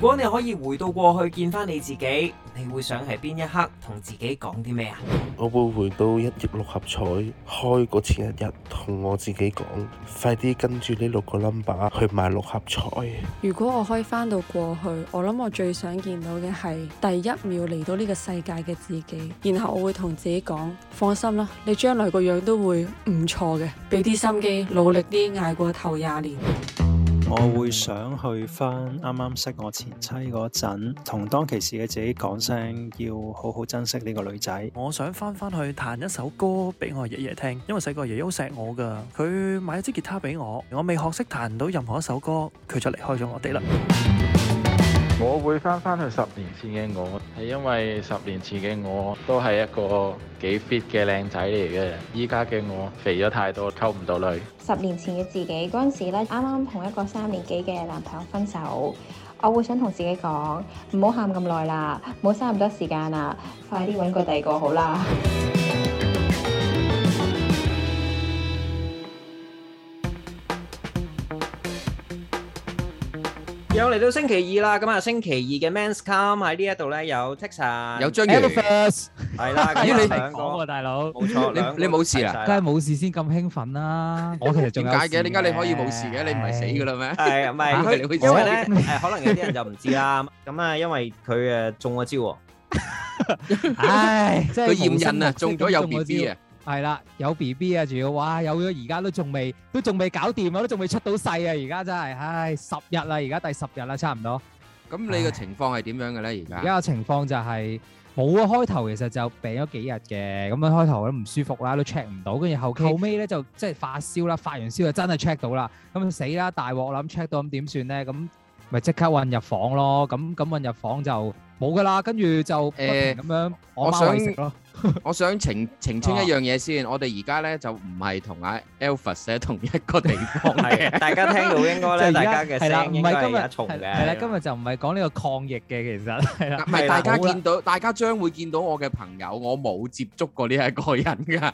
如果你可以回到過去見翻你自己，你會想喺邊一刻同自己講啲咩啊？我會回到一億六合彩開嗰前一日，同我自己講：快啲跟住呢六個 number 去買六合彩。如果我可以翻到過去，我諗我最想見到嘅係第一秒嚟到呢個世界嘅自己，然後我會同自己講：放心啦，你將來個樣都會唔錯嘅，俾啲心機，努力啲，捱過頭廿年。我會想去翻啱啱識我前妻嗰陣，同當其時嘅自己講聲，要好好珍惜呢個女仔。我想翻翻去彈一首歌俾我爺爺聽，因為細個爺爺好錫我噶，佢買咗支吉他俾我，我未學識彈到任何一首歌，佢就離開咗我哋啦。我會翻翻去十年前嘅我，係因為十年前嘅我都係一個幾 fit 嘅靚仔嚟嘅，依家嘅我肥咗太多，溝唔到女。十年前嘅自己，嗰陣時咧，啱啱同一個三年幾嘅男朋友分手，我會想同自己講：唔好喊咁耐啦，唔好嘥咁多時間啦， 快啲揾個第二個好啦。 又嚟到星期二啦，咁啊星期二嘅 Men’s Come 喺呢一度咧有 Tiksan，有章魚，係啦，你兩個大佬，冇錯，你你冇事啊？梗係冇事先咁興奮啦。我其實點解嘅？點解你可以冇事嘅？你唔係死噶啦咩？係唔係？因為咧，誒，可能有啲人就唔知啦。咁啊，因為佢誒中咗招，唉，佢驗孕啊，中咗有 BB 啊。係啦，有 B B 啊，仲要，哇，有咗而家都仲未，都仲未搞掂啊，都仲未出到世啊，而家真係，唉，十日啦，而家第十日啦，差唔多。咁你嘅情況係點樣嘅咧？而家而家嘅情況就係冇啊，開頭其實就病咗幾日嘅，咁樣開頭都唔舒服啦，都 check 唔到，跟住後後尾咧 K 就即係發燒啦，發完燒就真係 check 到啦，咁死啦大鑊啦，check 到咁點算咧？咁咪即刻運入房咯，咁咁運入房就冇噶啦，跟住就誒咁、欸、樣我媽喂食咯。我想澄澄清一樣嘢先，我哋而家咧就唔係同阿 Alvis 喺同一個地方嘅，大家聽到應該咧大家嘅聲音都今日重嘅。係啦，今日就唔係講呢個抗疫嘅，其實係大家見到，大家將會見到我嘅朋友，我冇接觸過呢一個人㗎，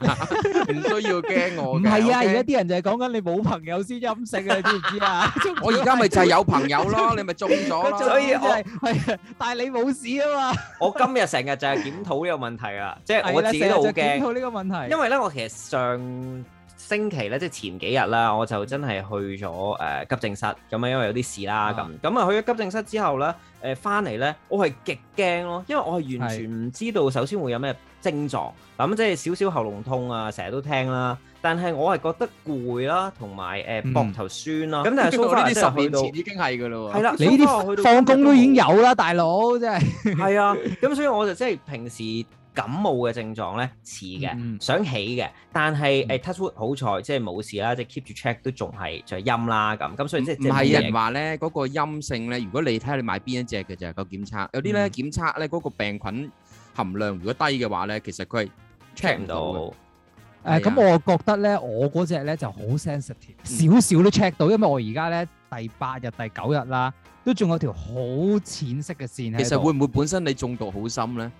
唔需要驚我。唔係啊，而家啲人就係講緊你冇朋友先陰性啊，你知唔知啊？我而家咪就係有朋友咯，你咪中咗，所以我係，但係你冇事啊嘛。我今日成日就係檢討呢個問題啊！即係我自己都好驚呢個問題，因為咧，我其實上星期咧，即係前幾日啦，我就真係去咗誒急症室咁啊，因為有啲事啦咁。咁啊，去咗急症室之後咧，誒翻嚟咧，我係極驚咯，因為我係完全唔知道首先會有咩症狀，咁即係少少喉嚨痛啊，成日都聽啦。但係我係覺得攰啦，同埋誒膊頭酸啦。咁但係蘇芬嚟十幾度已經係噶啦，係啦，你啲放工都已經有啦，大佬，真係係啊。咁所以我就即係平時。感冒嘅症狀咧似嘅，想起嘅，但係誒 touch wood 好彩，即係冇事啦，即係 keep 住 check 都仲係就係陰啦咁，咁所以即係唔係人話咧嗰個陰性咧，如果你睇下你買邊一隻嘅就係個檢測？有啲咧檢測咧嗰個病菌含量如果低嘅話咧，其實佢係 check 唔到。誒咁我覺得咧，我嗰隻咧就好 sensitive，少少都 check 到，因為我而家咧第八日第九日啦，都仲有條好淺色嘅線喺度。其實會唔會本身你中毒好深咧？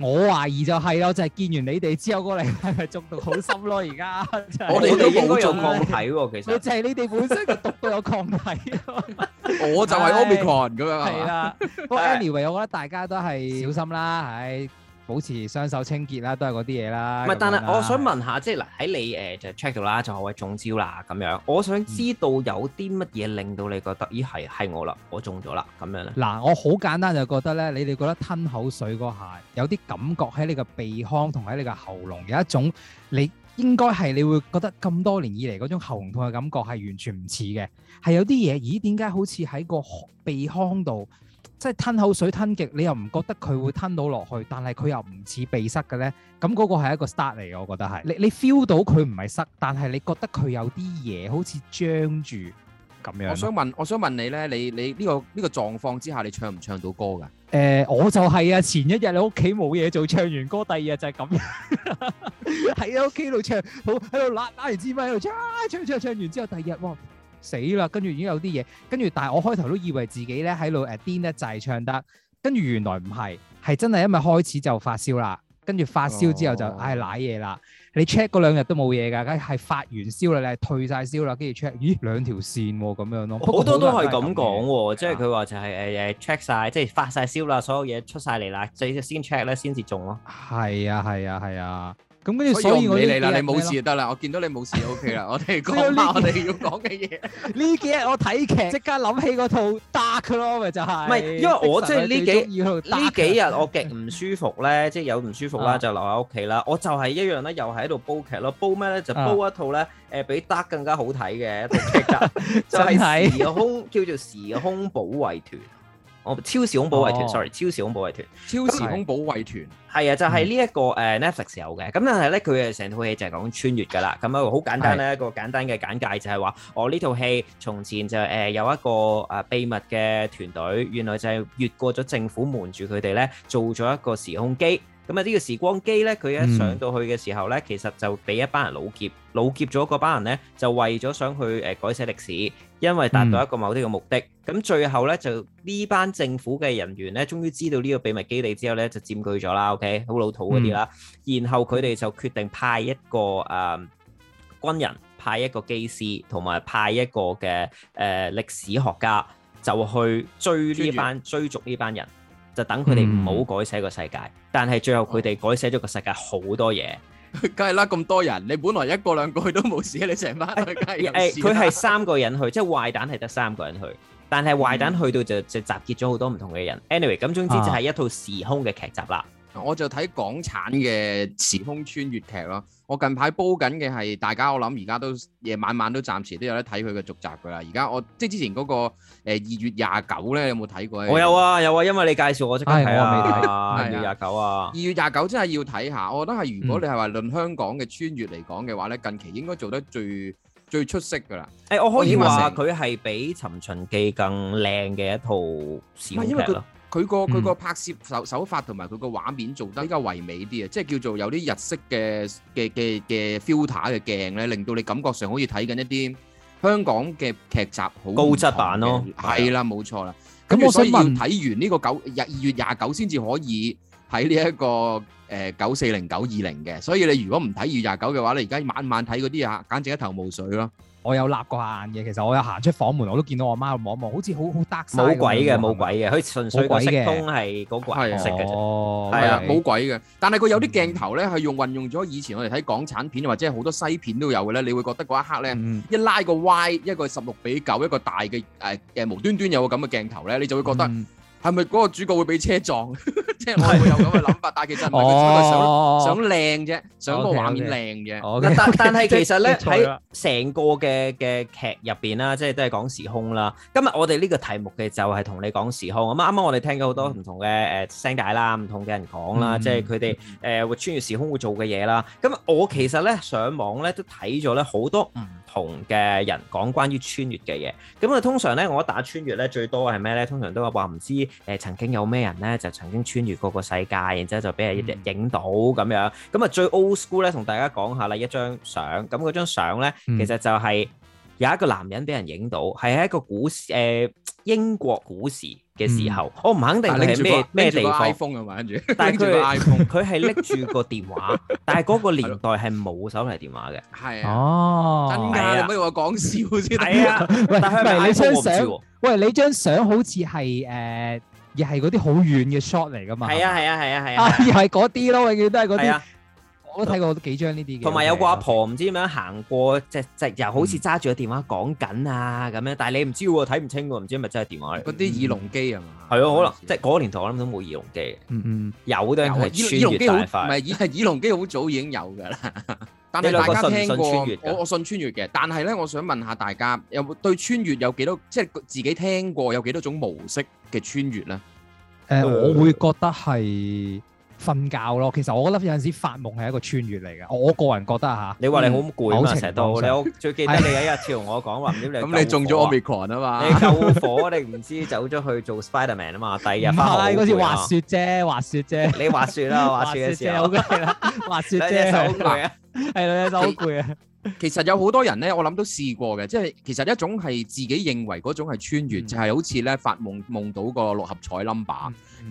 我懷疑就係咯，就係見完你哋之後過嚟係咪中毒好深咯？而家我哋都冇做抗體喎、啊，其實就係你哋本身就毒到有抗體、啊。 我就係 omicron 咁樣。係 吧啦，不過 anyway，我覺得大家都係小心啦，係。保持雙手清潔啦，都係嗰啲嘢啦。唔係，但係我想問下，即係嗱，喺你誒、呃、就 check 到啦，就係中招啦咁樣。嗯、我想知道有啲乜嘢令到你覺得咦係係我啦，我中咗啦咁樣咧。嗱，我好簡單就覺得咧，你哋覺得吞口水嗰下有啲感覺喺你個鼻腔同喺你個喉嚨有一種，你應該係你會覺得咁多年以嚟嗰種喉嚨痛嘅感覺係完全唔似嘅，係有啲嘢咦點解好似喺個鼻腔度？即係吞口水吞極，你又唔覺得佢會吞到落去，但係佢又唔似鼻塞嘅咧，咁嗰個係一個 start 嚟嘅，我覺得係。你你 feel 到佢唔係塞，但係你覺得佢有啲嘢好似張住咁樣。我想問，我想問你咧，你你呢個呢個狀況之下，你唱唔唱到歌噶？誒、呃，我就係啊！前一日你屋企冇嘢做，唱完歌，第二日就係咁樣，喺屋企度唱，好，喺度拉拉完支咪，喺度唱，唱唱，唱完之後，第二日死啦！跟住已經有啲嘢，跟住但係我開頭都以為自己咧喺度誒癲就滯、係、唱得，跟住原來唔係，係真係因為開始就發燒啦。跟住發燒之後就、哦、唉賴嘢啦。你 check 嗰兩日都冇嘢㗎，梗係發完燒啦，你係退晒燒啦，跟住 check 咦兩條線咁、啊、樣咯。好多、啊、好多都係咁講喎，即係佢話就係誒誒 check 晒，即係發晒燒啦，所有嘢出晒嚟啦，最先 check 咧先至中咯。係啊係啊係啊！咁跟住，所以我用唔起你啦，你冇事就得啦，我見到你冇事，就 OK 啦，我哋講下我哋要講嘅嘢。呢幾日我睇劇，即刻諗起嗰套 Dark 咯，咪就係。唔係，因為我即係呢幾呢幾日我極唔舒服咧，即係有唔舒服啦，就留喺屋企啦。我就係一樣咧，又喺度煲劇咯，煲咩咧？就煲一套咧，誒，比 Dark 更加好睇嘅一套劇集，就係睇時空叫做時空保衞團。我、哦、超時空保衞團、哦、sorry，超時空保衞團，超時空保衞團，係啊是，就係呢一個誒、嗯 uh, Netflix 有嘅，咁但係咧佢嘅成套戲就係講穿越㗎啦，咁啊好簡單咧是一個簡單嘅簡介就係話，哦呢套戲從前就誒、uh, 有一個啊、uh, 秘密嘅團隊，原來就係越過咗政府，瞞住佢哋咧，做咗一個時空機。咁啊，呢個時光機咧，佢一上到去嘅時候咧，其實就俾一班人老劫、老劫咗嗰班人咧，就為咗想去誒改寫歷史，因為達到一個某啲嘅目的。咁、嗯、最後咧，就呢班政府嘅人員咧，終於知道呢個秘密基地之後咧，就佔據咗啦。OK，好老土嗰啲啦。嗯、然後佢哋就決定派一個誒、呃、軍人，派一個機師同埋派一個嘅誒、呃、歷史學家，就去追呢班嚴追逐呢班人。就等佢哋唔好改寫，世、嗯、改寫個世界，但係最後佢哋改寫咗個世界好多嘢。梗係啦，咁多人，你本來一個兩個去都冇事，你成班去梗係。佢係、哎哎哎、三個人去， 即係壞蛋係得三個人去，但係壞蛋去到就、嗯、就集結咗好多唔同嘅人。anyway，咁總之就係一套時空嘅劇集啦。啊。我就睇港產嘅時空穿越劇咯。我近排煲緊嘅係，大家我諗而家都夜晚晚都暫時都有得睇佢嘅續集噶啦。而家我即係之前嗰、那個、欸、二月廿九咧，有冇睇過？我有啊有啊，因為你介紹我，我即刻睇、哎、 啊。未睇啊，二月廿九啊，二月廿九真係要睇下。我覺得係如果你係話論香港嘅穿越嚟講嘅話咧，嗯、近期應該做得最最出色噶啦。誒、欸，我可以話佢係比《尋秦記》更靚嘅一套時空劇。佢個佢個拍攝手手法同埋佢個畫面做得比較唯美啲啊，即係叫做有啲日式嘅嘅嘅嘅 filter 嘅鏡咧，令到你感覺上好似睇緊一啲香港嘅劇集好高質版咯。係啦，冇錯啦。咁我所以要睇完呢個九二月廿九先至可以睇呢一個誒九四零九二零嘅，所以你如果唔睇二月廿九嘅話，你而家晚晚睇嗰啲啊，簡直一頭霧水咯。我有立慣嘅，其實我有行出房門，我都見到我媽望一望，好似好好得曬。冇鬼嘅，冇鬼嘅，佢純粹都鬼嘅。普通係嗰個係食嘅啫，係啊，冇鬼嘅。但係佢有啲鏡頭咧，係用運用咗以前我哋睇港產片，嗯、或者係好多西片都有嘅咧，你會覺得嗰一刻咧，嗯、一拉個 Y，一個十六比九，一個大嘅誒誒無端端有個咁嘅鏡頭咧，你就會覺得。嗯係咪嗰個主角會俾車撞？ 即係我係會有咁嘅諗法，但 其實唔係佢想想，想靚啫，想個畫面靚嘅、okay, okay , okay。但但係其實咧喺成個嘅嘅劇入邊啦，即係都係講時空啦。今日我哋呢個題目嘅就係同你講時空。咁啱啱我哋聽咗好多唔同嘅誒聲帶啦，唔同嘅人講啦，mm。即係佢哋誒會穿越時空會做嘅嘢啦。咁我其實咧上網咧都睇咗咧好多唔同嘅人講關於穿越嘅嘢。咁啊通常咧我打穿越咧最多係咩咧？通常都話話唔知。誒曾經有咩人咧，就曾經穿越個個世界，然之後就俾人影到咁樣。咁啊，最 old school 咧，同大家講下啦，一張相。咁嗰張相咧，其實就係有一個男人俾人影到，係喺一個古時誒英國古時嘅時候。我唔肯定你係咩咩地方。拎住個 iPhone 咁樣跟住，拎住個 iPhone，佢係拎住個電話，但係嗰個年代係冇手提電話嘅。係啊，哦，真㗎，唔好我講笑先。係啊，唔係你張相，喂，你張相好似係誒。又係嗰啲好遠嘅 shot 嚟噶嘛？係啊，係啊，係啊，係啊！又係嗰啲咯，永遠都係嗰啲。我都睇過幾張呢啲嘅，同埋有個阿婆唔知點樣行過，即即又好似揸住個電話講緊啊咁樣，但係你唔知喎，睇唔清喎，唔知係咪真係電話嚟？嗰啲耳聾機啊嘛，係啊，可能即係嗰個年代我諗都冇耳聾機，嗯嗯，有都係穿越大塊，唔係耳係耳聾機好早已經有㗎啦。但係大家聽過，我我信穿越嘅，但係咧，我想問下大家有冇對穿越有幾多，即係自己聽過有幾多種模式嘅穿越咧？誒，我會覺得係。瞓覺咯，其實我覺得有陣時發夢係一個穿越嚟嘅，我個人覺得嚇。你話你好攰啊嘛，成日都你，我最記得你有一日同我講話，咁你中咗 Omicron 啊嘛，你救火，你唔知走咗去做 Spiderman 啊嘛，第二日返學好攰啊。嗰次滑雪啫，滑雪啫，你滑雪啦，滑雪嘅時候好攰啦，滑雪啫好係，係女仔手好攰啊。其實有好多人咧，我諗都試過嘅。即係其實一種係自己認為嗰種係穿越。嗯、就係好似咧，發夢夢到個六合彩 number，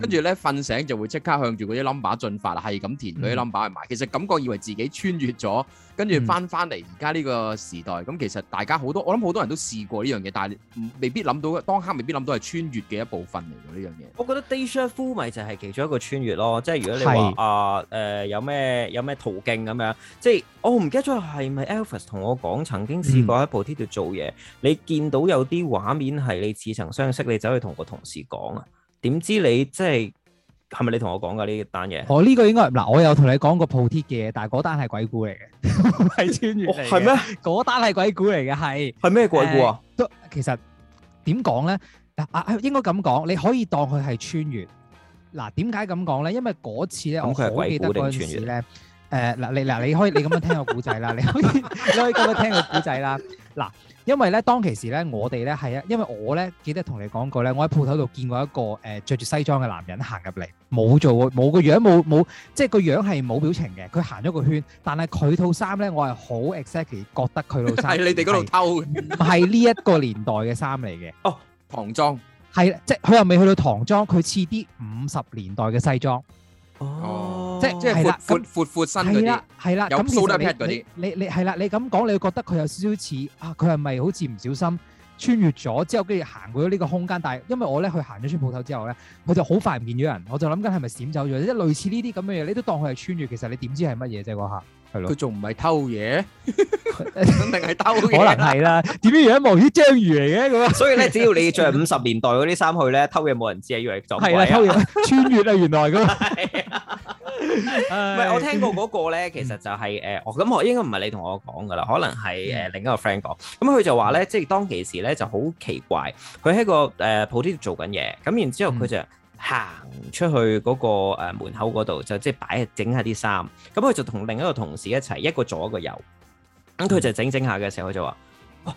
跟住咧，瞓醒就會即刻向住嗰啲 number 進發，係咁填嗰啲 number 去買。其實感覺以為自己穿越咗，跟住翻翻嚟而家呢個時代，咁、嗯、其實大家好多，我諗好多人都試過呢樣嘢，但係未必諗到，當刻未必諗到係穿越嘅一部分嚟嘅。呢樣嘢。我覺得 Deja Vu 咪就係其中一個穿越咯，即係如果你話啊，誒是、呃呃、有咩有咩途徑咁樣，即係我唔記得咗係咪？是同我講，曾經試過喺鋪貼度做嘢。嗯、你見到有啲畫面係你似曾相識，你走去同個同事講啊，點知你即係係咪你同我講嘅呢單嘢？我呢、哦這個應該嗱，我有同你講過鋪貼嘅，但係嗰單係鬼故嚟嘅，係穿越嚟嘅係咩？嗰、哦、單係鬼故嚟嘅，係係咩鬼故啊？呃、都其實點講咧？嗱啊，應該咁講，你可以當佢係穿越。嗱、啊，點解咁講咧？因為嗰次咧，我、嗯、我記得嗰陣時咧。誒嗱、嗯、你嗱你可以你咁樣聽個古仔啦，你可以你可以咁樣聽個古仔啦。嗱，因為咧當其時咧我哋咧係啊，因為我咧記得同你講過咧，我喺鋪頭度見過一個誒著住西裝嘅男人行入嚟，冇做過，冇個樣，冇冇，即係個樣係冇表情嘅。佢行咗個圈，但係佢套衫咧，我係好 exactly 覺得佢套衫。係你哋嗰度偷？唔係呢一個年代嘅衫嚟嘅。 哦，唐裝係即係佢又未去到唐裝，佢似啲五十年代嘅西裝。哦，oh，即係即係闊的闊那闊，闊，闊身嗰啲，有 solar pad 嗰啲，你你係啦，你咁講，你覺得佢有少少似啊？佢係咪好似唔小心穿越咗之後，跟住行過咗呢個空間？但係因為我咧去行咗出鋪頭之後咧，我就好快唔見咗人，我就諗緊係咪閃走咗？即係類似呢啲咁嘅嘢，你都當佢係穿越，其實你點知係乜嘢啫？嗰下。係咯，佢仲唔係偷嘢，肯定係偷嘅。可能係啦，點樣望起章魚嚟嘅咁啊？所以咧，只要你着五十年代嗰啲衫去咧，偷嘢冇人知啊，以為就係穿越啊，原來咁啊！唔係，我聽過嗰個咧，其實就係誒，我咁我應該唔係你同我講噶啦，可能係誒另一個 friend 講。咁佢就話咧，即係當其時咧就好奇怪，佢喺個誒鋪頭做緊嘢，咁然之後佢就。行出去嗰個誒門口嗰度，就即係擺整下啲衫。咁佢就同另一個同事一齊，一個左一個右。咁佢、嗯、就整整下嘅時候佢就話：，哇、啊、呢、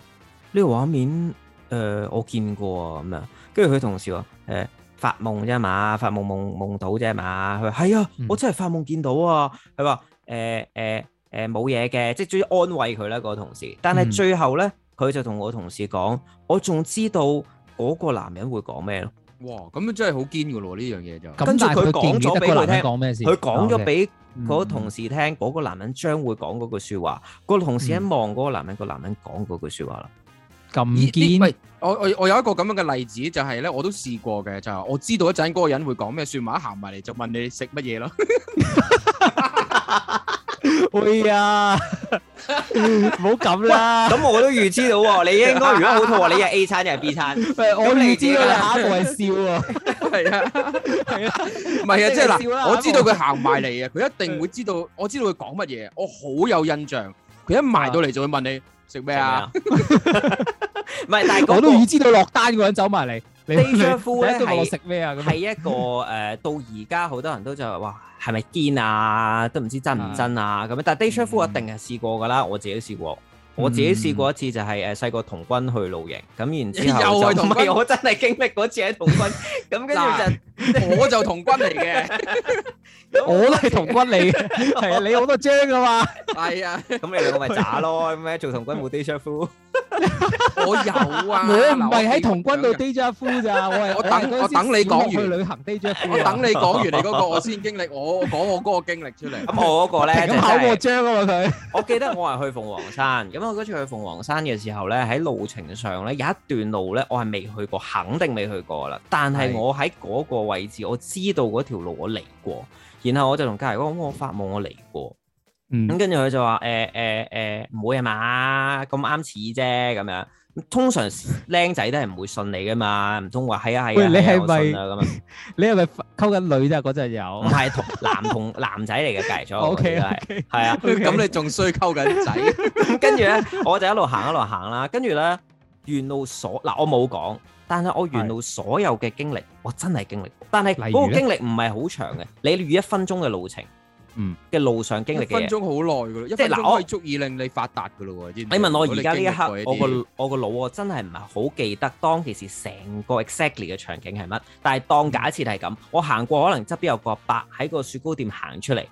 這個畫面誒、呃、我見過咁、啊、樣。跟住佢同事話：，誒、呃、發夢啫嘛，發夢夢夢到啫嘛。佢話係啊，我真係發夢見到啊。佢話、嗯：，誒誒誒冇嘢嘅，即係最安慰佢啦、那個同事。但係最後咧，佢就同我同事講：，嗯、我仲知道嗰個男人會講咩咯。哇，咁樣真係好堅噶咯喎！呢樣嘢就，跟住佢講咗俾佢聽，佢講咗俾嗰同事聽，嗰、嗯、個男人將會講嗰句説話。嗯、個同事一望嗰個男人，個男人講嗰句説話啦。咁堅，唔係，我我我有一個咁樣嘅例子，就係、是、咧，我都試過嘅，就係、是、我知道一陣嗰個人會講咩説話，行埋嚟就問你食乜嘢咯。 會啊，唔好咁啦。咁我都預知到喎，你應該如果好肚餓，你係 A 餐定係 B 餐？喂這樣 我預知到你下一步係笑喎，係 啊，係啊，唔係 啊，即係嗱，下部 我知道佢行埋嚟啊，佢 一定會知道，我知道佢講乜嘢，我好有印象。佢一埋到嚟就會問你食咩 啊？唔係， 但係那個、我都預知到落單嗰個人走埋嚟。data fuel 咧，係係一個、呃、到而家好多人都就話，哇，係咪堅啊？都唔知真唔真啊咁樣，是的但 data fuel、 嗯、一定係試過㗎啦，我自己都試過。我自己試過一次就係誒細個童軍去露營咁然之後又係童軍，我真係經歷嗰次喺童軍咁，跟住就我就童軍嚟嘅，我都係童軍嚟嘅，係啊，你好多張啊嘛，係啊，咁你兩個咪渣咯，咩做童軍冇 DJF，我有啊，我唔係喺童軍度 DJF 咋，我係我等我等你講完去旅行 DJF，我等你講完你嗰個我先經歷，我講我嗰個經歷出嚟，咁我嗰個咧，咁考過張啊嘛佢，我記得我係去鳳凰山咁。因為嗰次去鳳凰山嘅時候咧，喺路程上咧有一段路咧，我係未去過，肯定未去過啦。但係我喺嗰個位置，我知道嗰條路我嚟過，然後我就同家人講：我發夢我嚟過。嗯。咁跟住佢就話：誒誒誒，唔會啊嘛，咁啱似啫咁樣。通常僆仔都係唔會信你噶嘛，唔通話係啊係啊，喂，你係咪？咁啊，你係咪溝緊女啫？嗰陣有？唔係同男同男仔嚟嘅計咗，OK，係係啊。咁 你仲衰溝緊仔？ 跟住咧，我就一路行一路行啦。跟住咧，沿路所嗱、啊，我冇講，但係我沿路所有嘅經歷，我真係經歷。但係嗰個經歷唔係好長嘅，你預一分鐘嘅路程。嘅路上經歷嘅嘢，分鐘好耐噶啦，就是、一分鐘可以足以令你發達噶咯喎。你問我而家呢一刻，我個的我個腦我真係唔係好記得當其時成個 Exactly 嘅場景係乜，但係當假設係咁，我行過可能側邊有個伯喺個雪糕店行出嚟，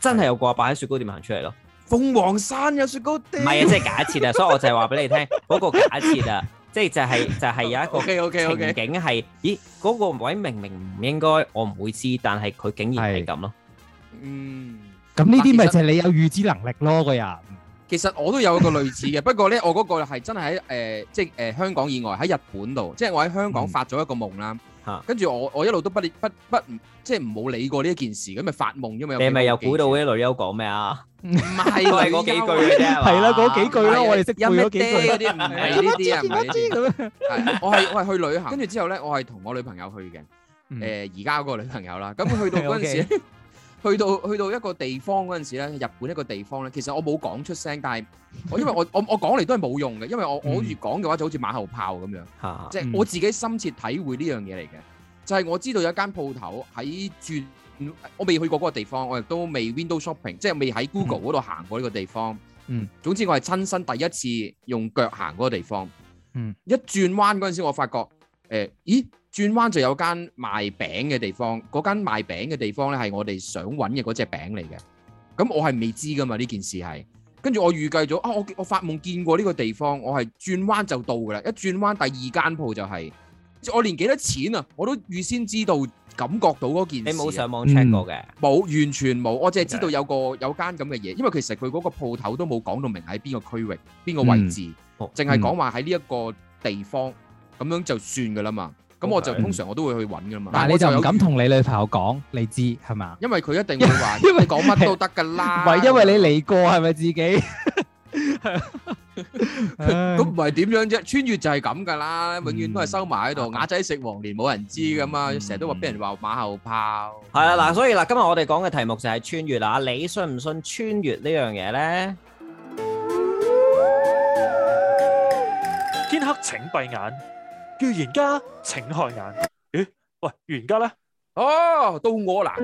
真係有個伯喺雪糕店行出嚟咯。鳳凰山有雪糕店？唔係啊，即、就、係、是、假設啊，所以我就係話俾你聽嗰 個假設啊，即係就係、是、就係、是、有一個情景係，okay, okay, okay. 咦嗰、那個位明明唔應該，我唔會知，但係佢竟然係咁咯。嗯，咁呢啲咪就係你有預知能力咯，個人。其實我都有個類似嘅，不過咧，我嗰個係真係喺誒，即係誒香港以外喺日本度，即係我喺香港發咗一個夢啦。吓，跟住我我一路都不不不即係冇理過呢一件事，咁咪發夢啫嘛。你咪有估到啲女優講咩啊？唔係，嗰幾句啫，係啦，嗰幾句咯，我哋識背嗰幾句。我係我係去旅行，跟住之後咧，我係同我女朋友去嘅。誒，而家嗰個女朋友啦，咁去到嗰陣時。去到去到一個地方嗰陣時咧，日本一個地方咧，其實我冇講出聲，但係我因為我我我講嚟都係冇用嘅，因為我 我越講嘅話就好似馬後炮咁樣，即係 我自己深切體會呢樣嘢嚟嘅，就係、是、我知道有一間鋪頭喺轉，我未去過嗰個地方，我亦都未 window shopping，即係未喺 Google 嗰度行過呢個地方。嗯， 總之我係親身第一次用腳行嗰個地方。嗯， 一轉彎嗰陣時，我發覺誒、欸，咦？轉彎就有間賣餅嘅地方，嗰間賣餅嘅地方咧係我哋想揾嘅嗰隻餅嚟嘅。咁我係未知噶嘛呢件事係，跟住我預計咗啊！我我發夢見過呢個地方，我係轉彎就到噶啦，一轉彎第二間鋪就係、是，我連幾多錢啊我都預先知道，感覺到嗰件事。你冇上網 check 過嘅？冇、嗯，完全冇。我淨係知道有個有間咁嘅嘢，因為其實佢嗰個鋪頭都冇講到明喺邊個區域、邊個位置，淨係講話喺呢一個地方咁樣就算噶啦嘛。咁我就通常我都會去揾噶嘛，但係你就唔敢同你女朋友講，你知係嘛？因為佢一定會話，因為你講乜都得噶啦，唔係因為你嚟過係咪自己？咁唔係點樣啫？穿越就係咁噶啦，永遠都係收埋喺度，啞仔食黃連冇人知噶嘛，成日都話俾人話馬後炮係啊。嗱，所以嗱，今日我哋講嘅題目就係穿越啦。你信唔信穿越呢樣嘢咧？天黑，請閉眼。預言家，請開眼。咦？喂，預言家啦，哦，到我啦。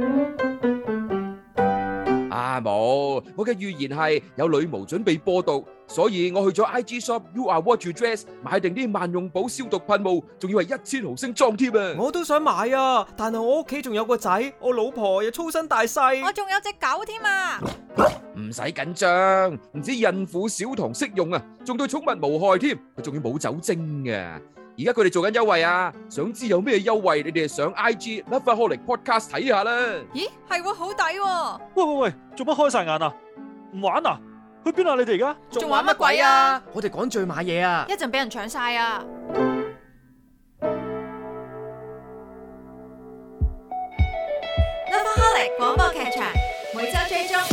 啊，冇我嘅預言係有女巫準備播毒，所以我去咗 I G Shop。You are what you dress，買定啲萬用寶消毒噴霧，仲要係一千毫升裝添啊！我都想買啊，但係我屋企仲有個仔，我老婆又粗身大細，我仲有隻狗添啊。唔使緊張，唔止孕婦小童適用啊，仲對寵物無害添，仲要冇酒精嘅。而家佢哋做緊優惠啊！想知有咩優惠？你哋上 IG Lovaholic Podcast 睇下啦。咦，係喎，好抵喎！喂喂喂，做乜開晒眼啊？唔玩啊？去邊啊？你哋而家仲玩乜鬼啊？我哋趕住去買嘢啊！一陣俾人搶晒啊！Lovaholic 廣播劇場每周追蹤，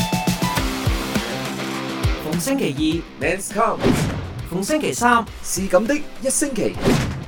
逢星期二 Men's Come，逢星期三是咁的一星期。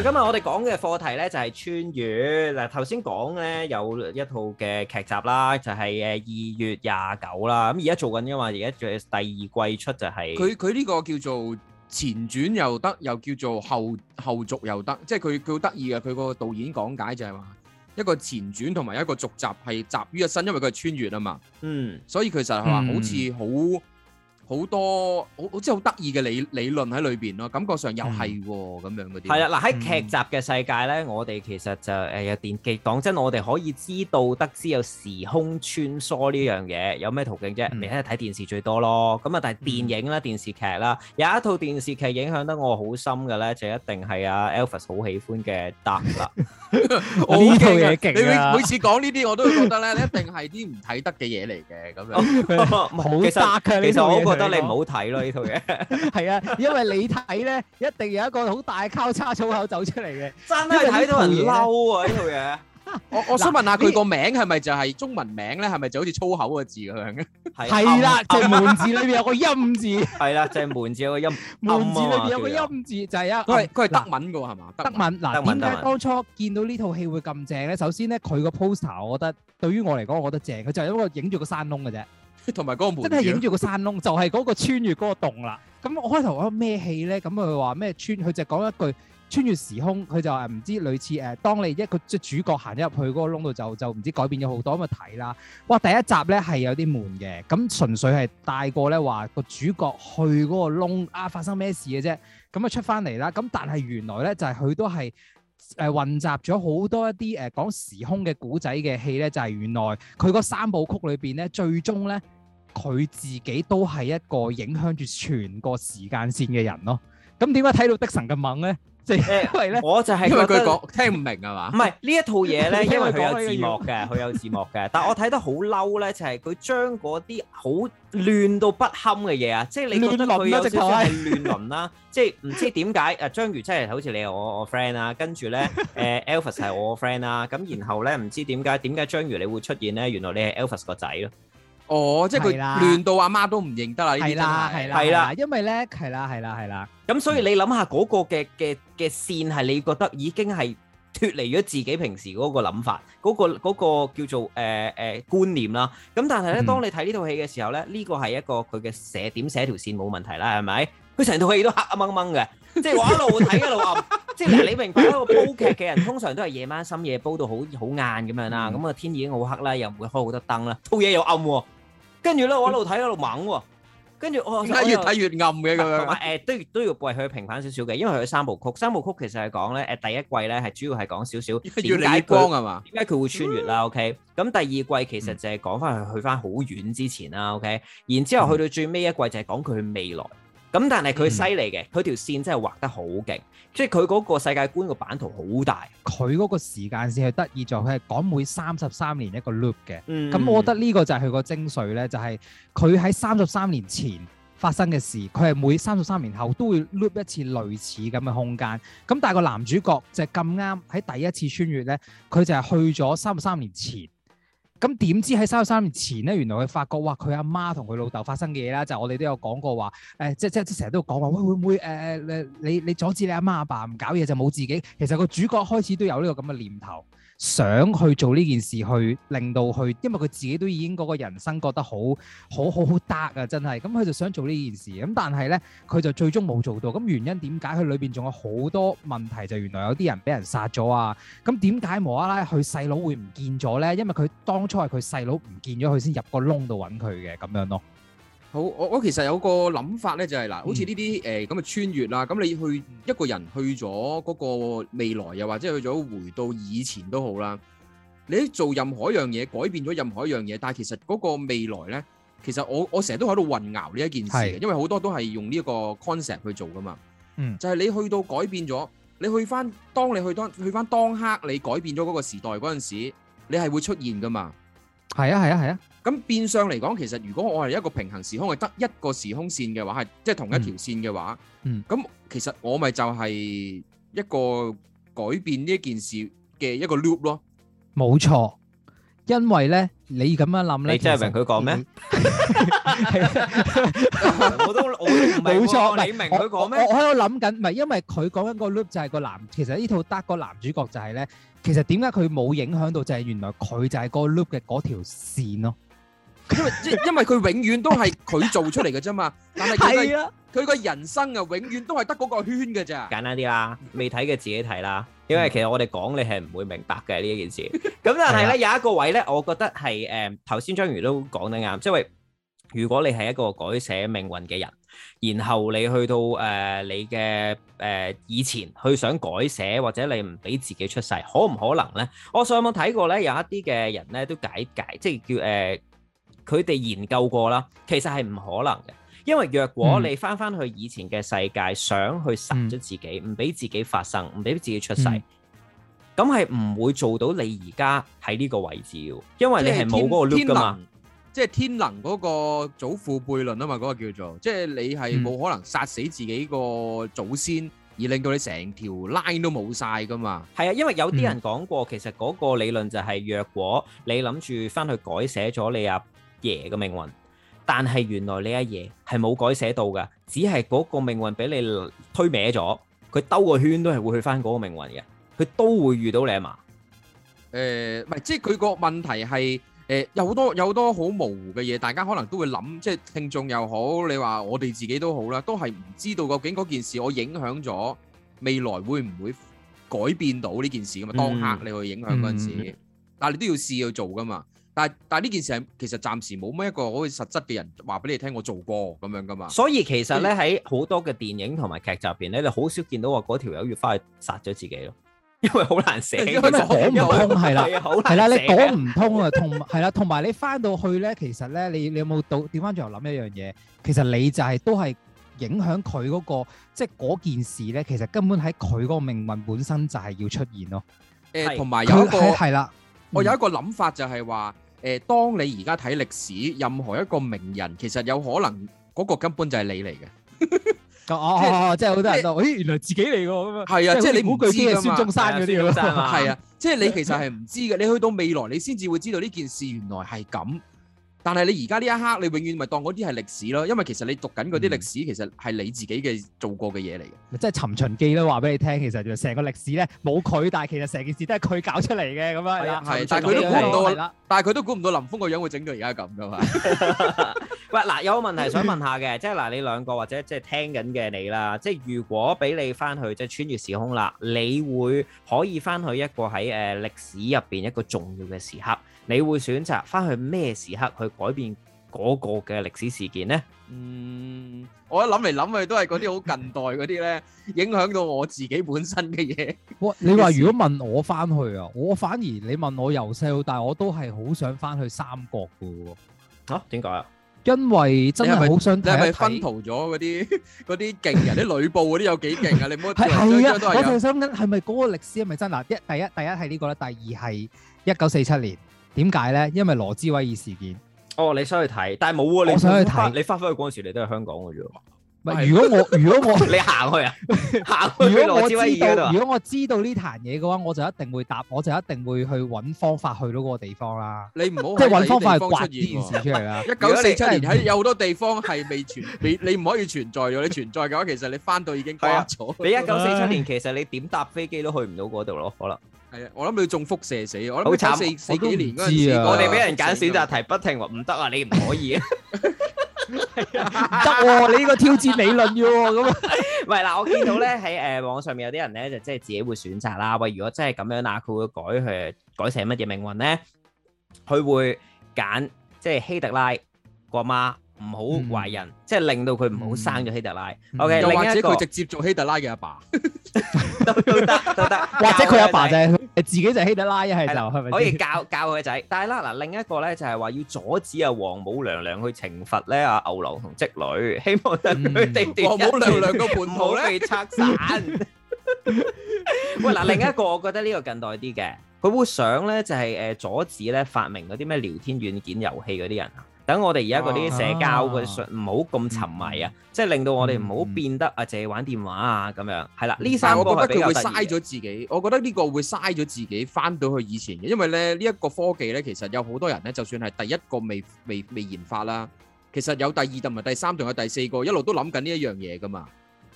今日我哋講嘅課題咧就係穿越。嗱，頭先講咧有一套嘅劇集啦，就係誒二月廿九啦。咁而家做緊因嘛，而家做第二季出就係、是。佢，佢呢個叫做前傳又得，又叫做後後續又得，即係佢佢得意嘅。佢個導演講解就係話，一個前傳同埋一個續集係集於一身，因為佢係穿越啊嘛。嗯。所以其實係話好似好。嗯好多好好似好得意嘅理理論喺裏邊咯，感覺上又係咁樣嗰啲。係啊，嗱，喺劇集嘅世界咧，我哋其實就誒有啲劇，講真，我哋可以知道得知有時空穿梭呢樣嘢，有咩途徑啫？你喺睇電視最多咯。咁啊，但係電影啦、電視劇啦，有一套電視劇影響得我好深嘅咧，就一定係阿 Alvis 好喜歡嘅《Dark》啦。呢套嘢勁啊！每次講呢啲我都會覺得咧，一定係啲唔睇得嘅嘢嚟嘅咁樣。好渣嘅呢啲嘢。得你唔好睇咯呢套嘢，係啊，因為你睇咧，一定有一個好大交叉粗口走出嚟嘅，真係睇到人嬲啊！呢套嘢，我我想問下佢個名係咪就係中文名咧？係咪就好似粗口個字咁樣嘅？係啦，就門字裏面有個音字。係啦，就門字有個音字。門字裏面有個音字就係啊，佢係德文嘅喎，係嘛？德文嗱，點解當初見到呢套戲會咁正咧？首先咧，佢個 poster，我覺得對於我嚟講，我覺得正，佢就係一個影住個山窿嘅啫。同埋嗰個門真係影住個山窿， 就係嗰個穿越嗰個洞啦。咁我開頭我咩戲咧？咁佢話咩穿？佢就講一句穿越時空。佢就誒唔知類似誒，當你一個即係主角行咗入去嗰個窿度，就就唔知改變咗好多咁啊睇啦。哇！第一集咧係有啲悶嘅，咁純粹係帶過咧話個主角去嗰個窿啊發生咩事嘅啫，咁啊出翻嚟啦。咁但係原來咧就係、是、佢都係誒混雜咗好多一啲誒講時空嘅古仔嘅戲咧，就係、是、原來佢嗰三部曲裏邊咧最終咧。佢自己都係一個影響住全個時間線嘅人咯、哦。咁點解睇到迪神嘅猛咧？即、就、係、是、因為咧、欸，我就係因為佢講聽唔明係嘛？唔係呢一套嘢咧，因為佢有字幕嘅，佢有字幕嘅。 但係我睇得好嬲咧，就係佢將嗰啲好亂到不堪嘅嘢啊！即係你覺得佢有少少係亂倫啦、啊。 即係唔知點解啊？章魚真係好似你係我我 friend 啊，跟住咧誒，Alvis 係我 friend 啊。咁、 啊、然後咧，唔知點解點解章魚你會出現咧？原來你係 Alvis 個仔咯。哦，即係佢亂到阿媽都唔認得啦！係啦，係啦，係啦，因為咧，係啦，係啦，係啦。咁所以你諗下嗰個嘅嘅嘅線係你覺得已經係脱離咗自己平時嗰個諗法，嗰個嗰個叫做誒誒觀念啦。咁但係咧，當你睇呢套戲嘅時候咧，呢個係一個佢嘅寫點寫條線冇問題啦，係咪？佢成套戲都黑一掹掹嘅，即係我一路睇一路暗。即係你明白一個煲劇嘅人通常都係夜晚深夜煲到好好晏咁樣啦，咁啊天已經好黑啦，又唔會開好多燈啦，套嘢又暗喎。跟住咧，我一路睇一路掹喎，跟住我越睇越暗嘅咁樣。誒都是、呃、都要背佢平反少少嘅，因為佢三部曲，三部曲其實係講咧誒，第一季咧係主要係講少少點解光吖嘛，點解佢會穿越啦。嗯、OK，咁第二季其實就係講翻佢去翻好遠之前啦。OK，然之後去到最尾一季就係講佢未來。咁但係佢犀利嘅，佢、嗯、條線真係畫得好勁，即係佢嗰個世界觀個版圖好大。佢嗰個時間線係得意咗。佢係講每三十三年一個 loop 嘅。咁、嗯、我覺得呢個就係佢個精髓呢就係佢喺三十三年前發生嘅事，佢係每三十三年後都會 loop 一次類似咁嘅空間。咁但係個男主角就係咁啱喺第一次穿越呢，佢就係去咗三十三年前。咁點知喺三十三年前咧，原來佢發覺，哇！佢阿媽同佢老豆發生嘅嘢啦，就係、我哋都有講過話，誒、呃，即即即成日都會講話，喂，會唔會誒誒你你阻止你阿媽阿爸唔搞嘢就冇自己，其實個主角開始都有呢個咁嘅念頭。想去做呢件事，去令到佢因為佢自己都已經嗰個人生覺得好好好好得啊！真係咁佢就想做呢件事，咁但係咧，佢就最終冇做到。咁原因點解？佢裏邊仲有好多問題，就原來有啲人俾人殺咗啊！咁點解無啦啦佢細佬會唔見咗咧？因為佢當初係佢細佬唔見咗，佢先入個窿度揾佢嘅咁樣咯。好，我我其實有個諗法咧，就係、是、嗱，好似呢啲誒咁嘅穿越啦，咁你去一個人去咗嗰個未來，又或者去咗回到以前都好啦。你做任何一樣嘢，改變咗任何一樣嘢，但係其實嗰個未來咧，其實我我成日都喺度混淆呢一件事嘅，是因為好多都係用呢個 concept 去做噶嘛。嗯，就係你去到改變咗，你去翻當你去當去翻當刻，你改變咗嗰個時代嗰陣時，你係會出現噶嘛？係啊係啊係啊，咁、啊啊、變相嚟講，其實如果我係一個平行時空，係得一個時空線嘅話，係即係同一條線嘅話，嗯，咁其實我咪就係一個改變呢一件事嘅一個 loop 咯，冇錯。因為咧，你咁樣諗咧，你真係實明佢講咩？我都我冇錯，我你明佢講咩？我喺度諗緊，唔係因為佢講緊個 loop 就係個男，其實呢套得個男主角就係咧，其實點解佢冇影響到就係原來佢就係個 loop 嘅嗰條線咯。因為即係因為佢永遠都係佢做出嚟嘅啫嘛，但係佢佢個人生啊，永遠都係得嗰個圈嘅啫。簡單啲啦，未睇嘅自己睇啦，因為其實我哋講你係唔會明白嘅呢一件事。咁但係咧有一個位咧，我覺得係誒頭先章魚都講得啱，即係話如果你係一個改寫命運嘅人，然後你去到誒你嘅誒以前，去想改寫或者你唔俾自己出世，可唔可能咧？我上網睇過咧，有一啲嘅人咧都解解，即係叫誒。佢哋研究過啦，其實係唔可能嘅，因為若果你翻翻去以前嘅世界，想去殺咗自己，唔俾自己發生，唔俾自己出世，咁係唔會做到你而家喺呢個位置嘅，因為你係冇嗰個 loop 噶嘛。即係天能嗰個祖父悖論啊嘛，嗰個叫做，即係你係冇可能殺死自己個祖先，而令到你成條 line 都冇曬噶嘛。係啊，因為有啲人講過，其實嗰個理論就係，若果你諗住翻去改寫咗你啊，爺嘅命運，但係原來呢一嘢係冇改寫到噶，只係嗰個命運俾你推歪咗，佢兜個圈都係會去返嗰個命運嘅，佢都會遇到你阿媽。誒，唔係，即係佢個問題係誒，有好多有好多好模糊嘅嘢，大家可能都會諗，即係聽眾又好，你話我哋自己都好啦，都係唔知道究竟嗰件事我影響咗未來會唔會改變到呢件事噶嘛？當刻你去影響嗰陣時，但係你都要試去做噶嘛。但係呢件事係其實暫時冇乜一個好實質嘅人話俾你聽，我做過咁樣噶嘛。所以其實咧喺好多嘅電影同埋劇集入邊咧，你好少見到話嗰條友要翻去殺咗自己咯，因為好難寫。因為講唔通係啦，係啦，你講唔通啊，同係啦，同埋你翻到去咧，其實咧，你你有冇到點翻轉頭諗一樣嘢？其實你就係都係影響佢嗰個，即係嗰件事咧，其實根本喺佢嗰個命運本身就係要出現咯。誒，同埋有一個係啦，我有一個諗法就係話。誒，當你而家睇歷史，任何一個名人，其實有可能嗰個根本就係你嚟嘅。哦哦，即係好多人都，你咦，原來自己嚟㗎咁啊！係啊，即係你唔知㗎嘛。孫中山嗰啲啊，係 啊，即係你其實係唔知嘅。你去到未來，你先至會知道呢件事原來係咁。但係你而家呢一刻，你永遠咪當嗰啲係歷史咯，因為其實你讀緊嗰啲歷史其，嗯就是，其實係你自己嘅做過嘅嘢嚟嘅。即係尋秦記都話俾你聽，其實就成個歷史咧冇佢，但係其實成件事都係佢搞出嚟嘅咁樣。係，但係佢都估唔到。但係佢都估唔到林峯個樣會整到而家咁噶嘛。喂，嗱，有個問題想問下嘅， 即係嗱，你兩個或者即係聽緊嘅你啦，即係如果俾你翻去即係穿越時空啦，你會可以翻去一個喺誒歷史入邊一個重要嘅時刻。你會選擇翻去咩時刻去改變嗰個嘅歷史事件呢？嗯，我一諗嚟諗去都係嗰啲好近代嗰啲咧，影響到我自己本身嘅嘢。哇！你話如果問我翻去啊，我反而你問我由細到大，我都係好想翻去三國噶。吓？點解啊？因為真係好想，你係咪分圖咗嗰啲嗰啲勁人啊？啲呂布嗰啲有幾勁啊？你唔好係啊！我就想緊係咪嗰個歷史係咪真嗱？一第一第一係呢個啦，第二係一九四七年。點解咧？因為羅茲威爾事件。哦，你想去睇，但係冇啊！你想去睇，你翻返去嗰時，你都係香港嘅啫。咪如果我，如果我，你行去啊？行去。如果我知道，如果我知道呢壇嘢嘅話，我就一定會搭，我就一定會去揾方法去到嗰個地方啦。你唔好即係揾方法去出現呢件事出嚟啊！一九四七年喺有好多地方係未存，你你唔可以存在咗，你存在嘅話，其實你翻到已經瓜咗。你一九四七年其實你點搭飛機都去唔到嗰度咯，可能。係啊，我諗你中輻射死，我諗四四幾年嗰陣時，我哋俾人揀選擇題，不停話唔得啊，你唔可以啊。得喎，你呢個挑戰理論嘅喎，咁啊，唔係嗱，我見到咧喺誒網上面有啲人咧就即係自己會選擇啦，喂，如果真係咁樣啊，佢會改佢改寫乜嘢命運咧？佢會揀即係希特拉個阿媽。唔好懷孕，即係令到佢唔好生咗希特拉。OK，又或者佢直接做希特拉嘅阿爸都得都得，或者佢阿爸就係，誒自己就希特拉，一係就可以教教佢仔。但係啦，嗱，另一個咧就係話要阻止啊王母娘娘去懲罰咧啊牛郎同織女，希望等王母娘娘個叛徒咧拆散。喂，嗱，另一個我覺得呢個近代啲嘅，佢會想咧就係誒阻止咧發明嗰啲咩聊天軟件遊戲嗰啲人啊。等我哋而家嗰啲社交嘅術，唔好咁沉迷啊！嗯、即係令到我哋唔好變得啊，淨係、嗯、玩電話啊咁樣，係啦。呢三個係我覺得佢會嘥咗自己，我覺得呢個會嘥咗自己翻到去以前嘅，因為咧呢一、呢個科技咧，其實有好多人咧，就算係第一個未未未研發啦，其實有第二同埋第三仲有第四個一路都諗緊呢一樣嘢噶嘛。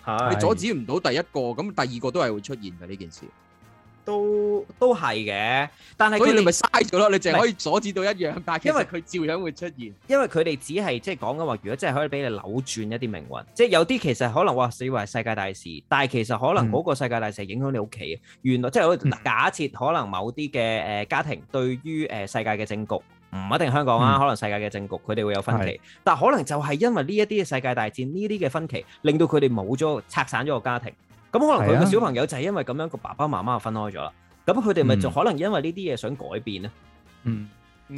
係是。你阻止唔到第一個，咁第二個都係會出現㗎呢件事。都都係嘅，但係所以你咪嘥咗咯，你淨可以阻止到一樣，但係因為佢照樣會出現，因為佢哋只係即係講緊話，如果真係可以俾你扭轉一啲命運，即係有啲其實可能話視為世界大事，但係其實可能嗰個世界大事影響你屋企嘅。嗯、原來即係假設可能某啲嘅誒家庭對於誒世界嘅政局唔、嗯、一定香港啊，嗯、可能世界嘅政局佢哋會有分歧，的但可能就係因為呢一啲嘅世界大戰呢啲嘅分歧，令到佢哋冇咗拆散咗個家庭。咁可能佢個小朋友是、啊、就係因為咁樣，個爸爸媽媽分開咗啦，咁佢哋咪仲可能因為呢啲嘢想改變？嗯。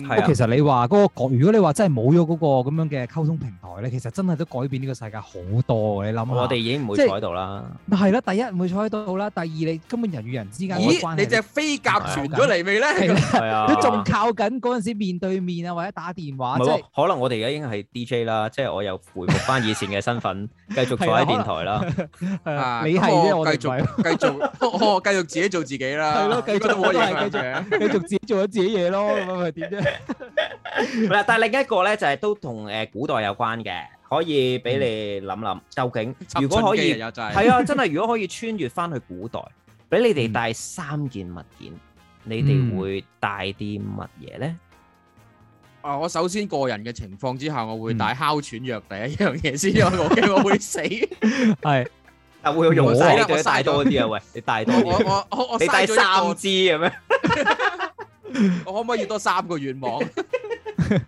不過其實你話嗰個改，如果你話真係冇咗嗰個咁樣嘅溝通平台咧，其實真係都改變呢個世界好多嘅。你諗下，我哋已經唔會坐喺度啦。係啦，第一唔會坐喺度啦，第二你根本人與人之間嘅關係，咦？你隻飛鴿傳咗嚟未咧？係啊，都仲靠緊嗰陣時面對面啊，或者打電話。即係，可能我哋而家已經係 DJ 啦，即係我又回復翻以前嘅身份，繼續坐喺電台啦。係啊，你係啫，我繼續繼續，我繼續自己做自己啦。係咯，繼續做我嘢，繼續繼續自己做咗自己嘢咯，咁咪點樣？嗱，但係另一個咧就係都同誒古代有關嘅，可以俾你諗諗，究竟如果可以，係啊，真係如果可以穿越翻去古代，俾你哋帶三件物件，你哋會帶啲乜嘢咧？啊，我首先個人嘅情況之下，我會帶哮喘藥第一樣嘢先，因為我驚我會死。係，但會用我我晒多啲啊，喂，你帶多啲，我我我我你帶三支嘅咩？我可唔可以要多三個願望？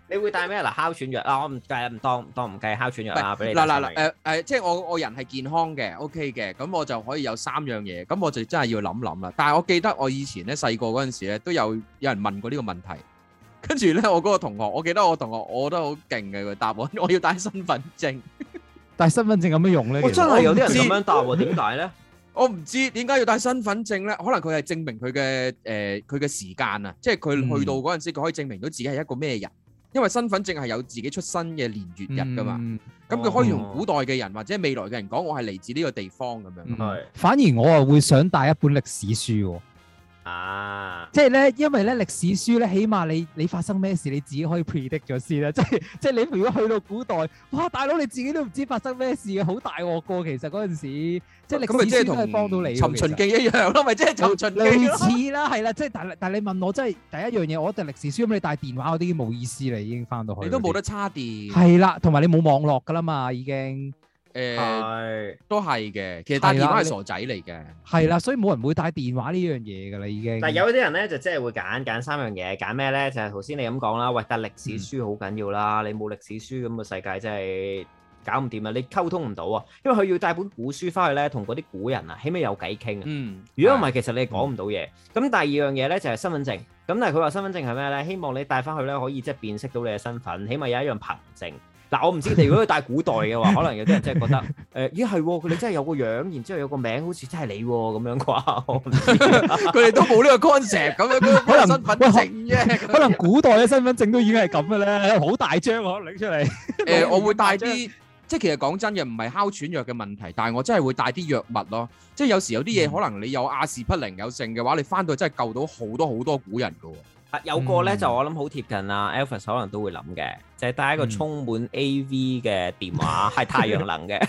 你會帶咩嗱？哮喘藥啊，我唔計唔當，當唔計哮喘藥啊！俾你嗱嗱嗱誒誒，即係我我人係健康嘅，OK 嘅，咁我就可以有三樣嘢，咁我就真係要諗諗啦。但係我記得我以前咧細個嗰陣時咧，都有有人問過呢個問題，跟住咧我嗰個同學，我記得我同學我都好勁嘅，佢答我我要帶身份證，帶身份證有咩用咧？我真係有啲人咁樣答喎，點解咧？我唔知點解要帶身份證呢？可能佢係證明佢嘅誒佢嘅時間啊，即係佢去到嗰陣時，佢、嗯、可以證明到自己係一個咩人，因為身份證係有自己出生嘅年月日噶嘛，咁佢、嗯、可以同古代嘅人、哦、或者未來嘅人講，我係嚟自呢個地方咁樣。嗯、反而我啊會想帶一本歷史書。啊！即係咧，因為咧歷史書咧，起碼你你發生咩事你自己可以 predict 咗先啦。即係即係你如果去到古代，哇！大佬你自己都唔知發生咩事，好大鑊過其實嗰陣時。即係歷史書都係幫到你。尋秦記一樣咯，咪即係尋秦記。類似啦，係啦。即係但係但係你問我，即係第一樣嘢，我覺得歷史書咁。你帶電話，我都已經冇意思啦，已經翻到去。你都冇得差電。係啦，同埋你冇網絡噶啦嘛，已經。誒，呃、的都係嘅，的其實帶電話係傻仔嚟嘅，係啦的、嗯，所以冇人會帶電話呢樣嘢噶啦已經但。但係有啲人咧就即係會揀揀三、就是、樣嘢，揀咩咧就係頭先你咁講啦，喂帶歷史書好緊要啦、嗯，你冇歷史書咁個世界真係搞唔掂啊，你溝通唔到啊，因為佢要帶本古書翻去咧，同嗰啲古人啊，起碼有偈傾啊。嗯，如果唔係，的其實你講唔到嘢。咁、嗯、第二樣嘢咧就係、是、身份證，咁但係佢話身份證係咩咧？希望你帶翻去咧可以即係辨識到你嘅身份，起碼有一樣憑證。嗱，我唔知你如果帶古代嘅話，可能有啲人真係覺得，誒，咦係，佢哋真係有個樣，然之後有個名，好似真係你咁樣啩？我唔知，佢哋都冇呢個 concept 咁樣都冇身份證啫，可能古代嘅身份證都已經係咁嘅咧，好大張喎，拎出嚟。誒，我會帶啲，即係其實講真嘅，唔係哮喘藥嘅問題，但係我真係會帶啲藥物咯。即係有時有啲嘢可能你有阿士匹靈有剩嘅話，你翻到去真係救到好多好多古人嘅。有個咧就我諗好貼近啊，Alvis 可能都會諗嘅，就係、是、帶一個充滿 AV 嘅電話，係 太陽能嘅。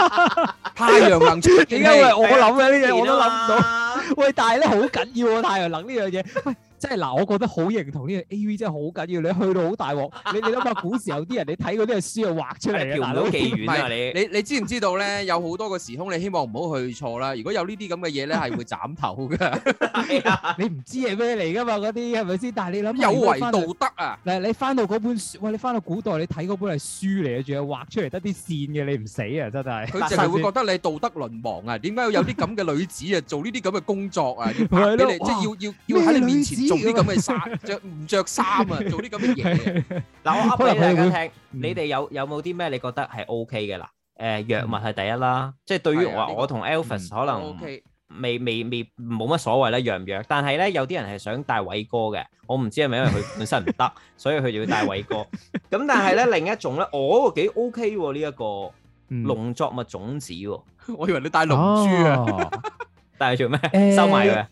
太陽能出，點解會係我諗嘅呢樣我都諗唔到。喂，但係咧好緊要啊，太陽能呢樣嘢。 即係嗱，我覺得好認同呢個 A.V. 真係好緊要，你去到好大鑊。你你諗下古時有啲人，你睇嗰啲係書又畫出嚟，跳到幾遠啊你？你你知唔知道咧？有好多個時空，你希望唔好去錯啦。如果有呢啲咁嘅嘢咧，係會斬頭㗎。你唔知係咩嚟㗎嘛？嗰啲係咪先？但係你諗有違道德啊！嗱，你翻到嗰本書，喂，你翻到古代，你睇嗰本係書嚟嘅，仲要畫出嚟得啲線嘅，你唔死啊！真係佢就係會覺得你道德淪亡啊！點解要有啲咁嘅女子啊？做呢啲咁嘅工作啊？即係要要喺你面前。做啲咁嘅衫，着唔着衫啊？做啲咁嘅嘢。嗱，我噏俾大家聽，你哋有有冇啲咩？你覺得係 O K 嘅啦。誒，藥物係第一啦。即係對於我，我同 Alvis 可能未未未冇乜所謂啦，藥唔藥。但係咧，有啲人係想戴偉哥嘅。我唔知係咪因為佢本身唔得，所以佢就要戴偉哥。咁但係咧，另一種咧，我幾 O K 喎。呢一個農作物種子喎，我以為你戴龍珠啊，戴嚟做咩？收埋佢。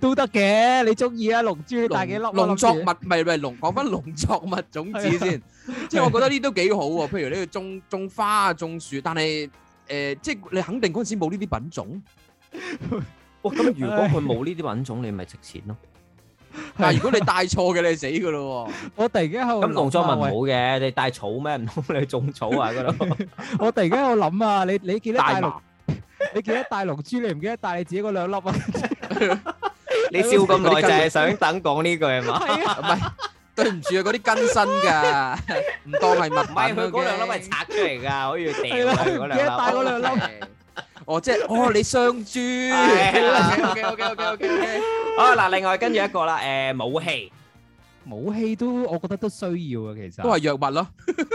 都得嘅，你中意啊？龍珠帶幾粒？農作物咪咪龍，講翻農作物種子先，即係我覺得呢都幾好喎。譬如你要種種花啊，種樹，但係誒，即係你肯定嗰陣時冇呢啲品種。哇！咁如果佢冇呢啲品種，你咪值錢咯。但係如果你帶錯嘅，你死噶咯。我突然間喺度咁農作物冇嘅，你帶草咩？唔通你去種草啊？喺度我突然間我諗啊，你你記得帶龍，你記得帶龍珠，你唔記得帶你自己嗰兩粒啊？你燒咁耐就係想等講呢句係嘛？唔係對、啊 對唔住 啊，嗰啲更新噶，唔當係物品。佢嗰兩粒係拆出嚟㗎，可以掉嗰兩粒。哦，即係哦，你雙珠。 OK OK OK OK OK 嗱， 另外跟住一個啦，誒、呃、武器，武器都我覺得都需要啊，其實。都係藥物咯。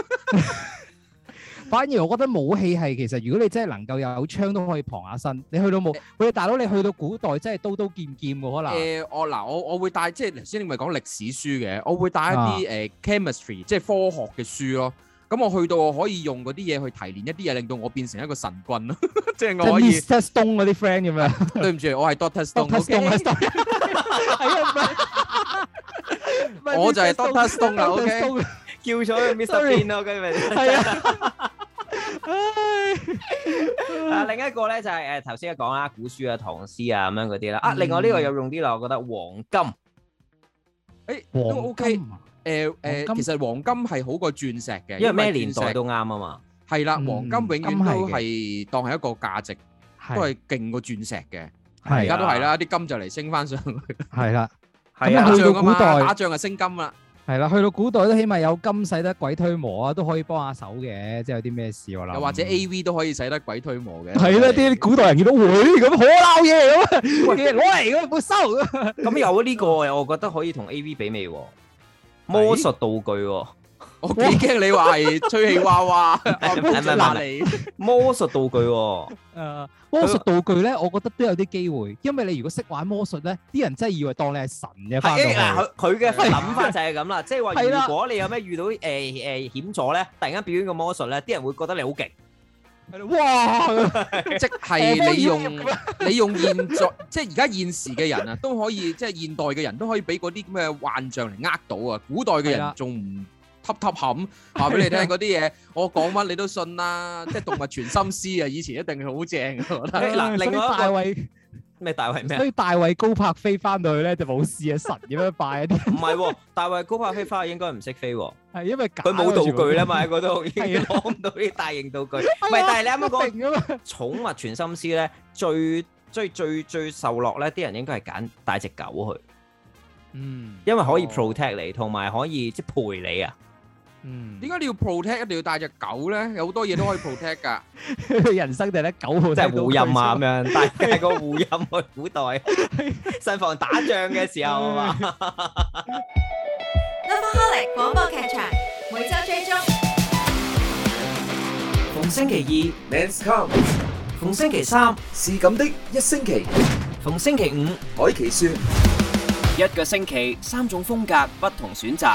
反而我覺得武器係其實，如果你真係能夠有槍都可以傍下身。你去到冇，喂大佬你去到古代真係刀刀劍劍噶可能。誒，我嗱我我會帶即係頭先你咪講歷史書嘅，我會帶一啲誒 chemistry 即係科學嘅書咯。咁我去到我可以用嗰啲嘢去提煉一啲嘢，令到我變成一個神棍咯，即係我可以。Mr. 東嗰啲 friend 咁樣。對唔住，我係 Doctor Stone，我東啊。我就係 Doctor Stone 啊，叫咗佢 Mr. 邊咯，佢咪係啊。啊！另一個咧，就係誒，頭先講啦，古書啊、唐詩啊咁樣嗰啲啦。啊，另外呢個有用啲咯，我覺得黃金，誒都 OK。誒誒，其實黃金係好過鑽石嘅，因為咩年代都啱啊嘛。係啦，黃金永遠都係當係一個價值，都係勁過鑽石嘅。係而家都係啦，啲金就嚟升翻上去。係啦，打仗啊嘛，打仗啊升金啦。係啦，去到古代都起碼有金使得鬼推磨啊，都可以幫下手嘅，即係有啲咩事我諗，又或者 A.V. 都可以使得鬼推磨嘅。係啦了，啲以古代人見到會咁好撈嘢，咁攞嚟咁沒收。咁 有呢、這個，我覺得可以同 A.V. 比美。魔術道具。我幾驚你話係吹氣娃娃，係咪？魔術道具，誒，魔術道具咧，我覺得都有啲機會。因為你如果識玩魔術咧，啲人真係以為當你係神嘅。佢嘅諗法就係咁啦，即係話如果你有咩遇到誒誒險阻咧，突然間表演個魔術咧，啲人會覺得你好勁。哇！即係你用你用現在，即係而家現時嘅人啊，都可以，即係現代嘅人都可以俾嗰啲咁嘅幻象嚟呃到啊，古代嘅人仲唔？吸吸冚，話俾你聽嗰啲嘢，我講乜你都信啦。即係動物傳心師啊！以前一定係好正。嗱，另大衛咩大衛咩？所以大衛高柏飛翻到去咧就冇事啊，神點樣拜啊？唔係喎，大衛高柏飛翻去應該唔識飛喎，係因為佢冇道具啦嘛喺嗰度，攞唔到啲大型道具。唔係，但係你啱啱講寵物傳心師咧，最即係最最受落咧，啲人應該係揀帶隻狗去。嗯，因為可以 protect 你，同埋可以即係陪你啊。嗯，點解你要 protect，一定要帶隻狗咧？有好多嘢都可以 protect 噶，人生定係狗即係護蔭啊咁樣，帶帶個護蔭去古代，慎防打仗嘅時候啊嘛。Lovaholic 廣播劇場每周追蹤，逢星期二 Men's Come，逢星期三是咁的一星期，逢星期五海奇說，一個星期三種風格，不同選擇。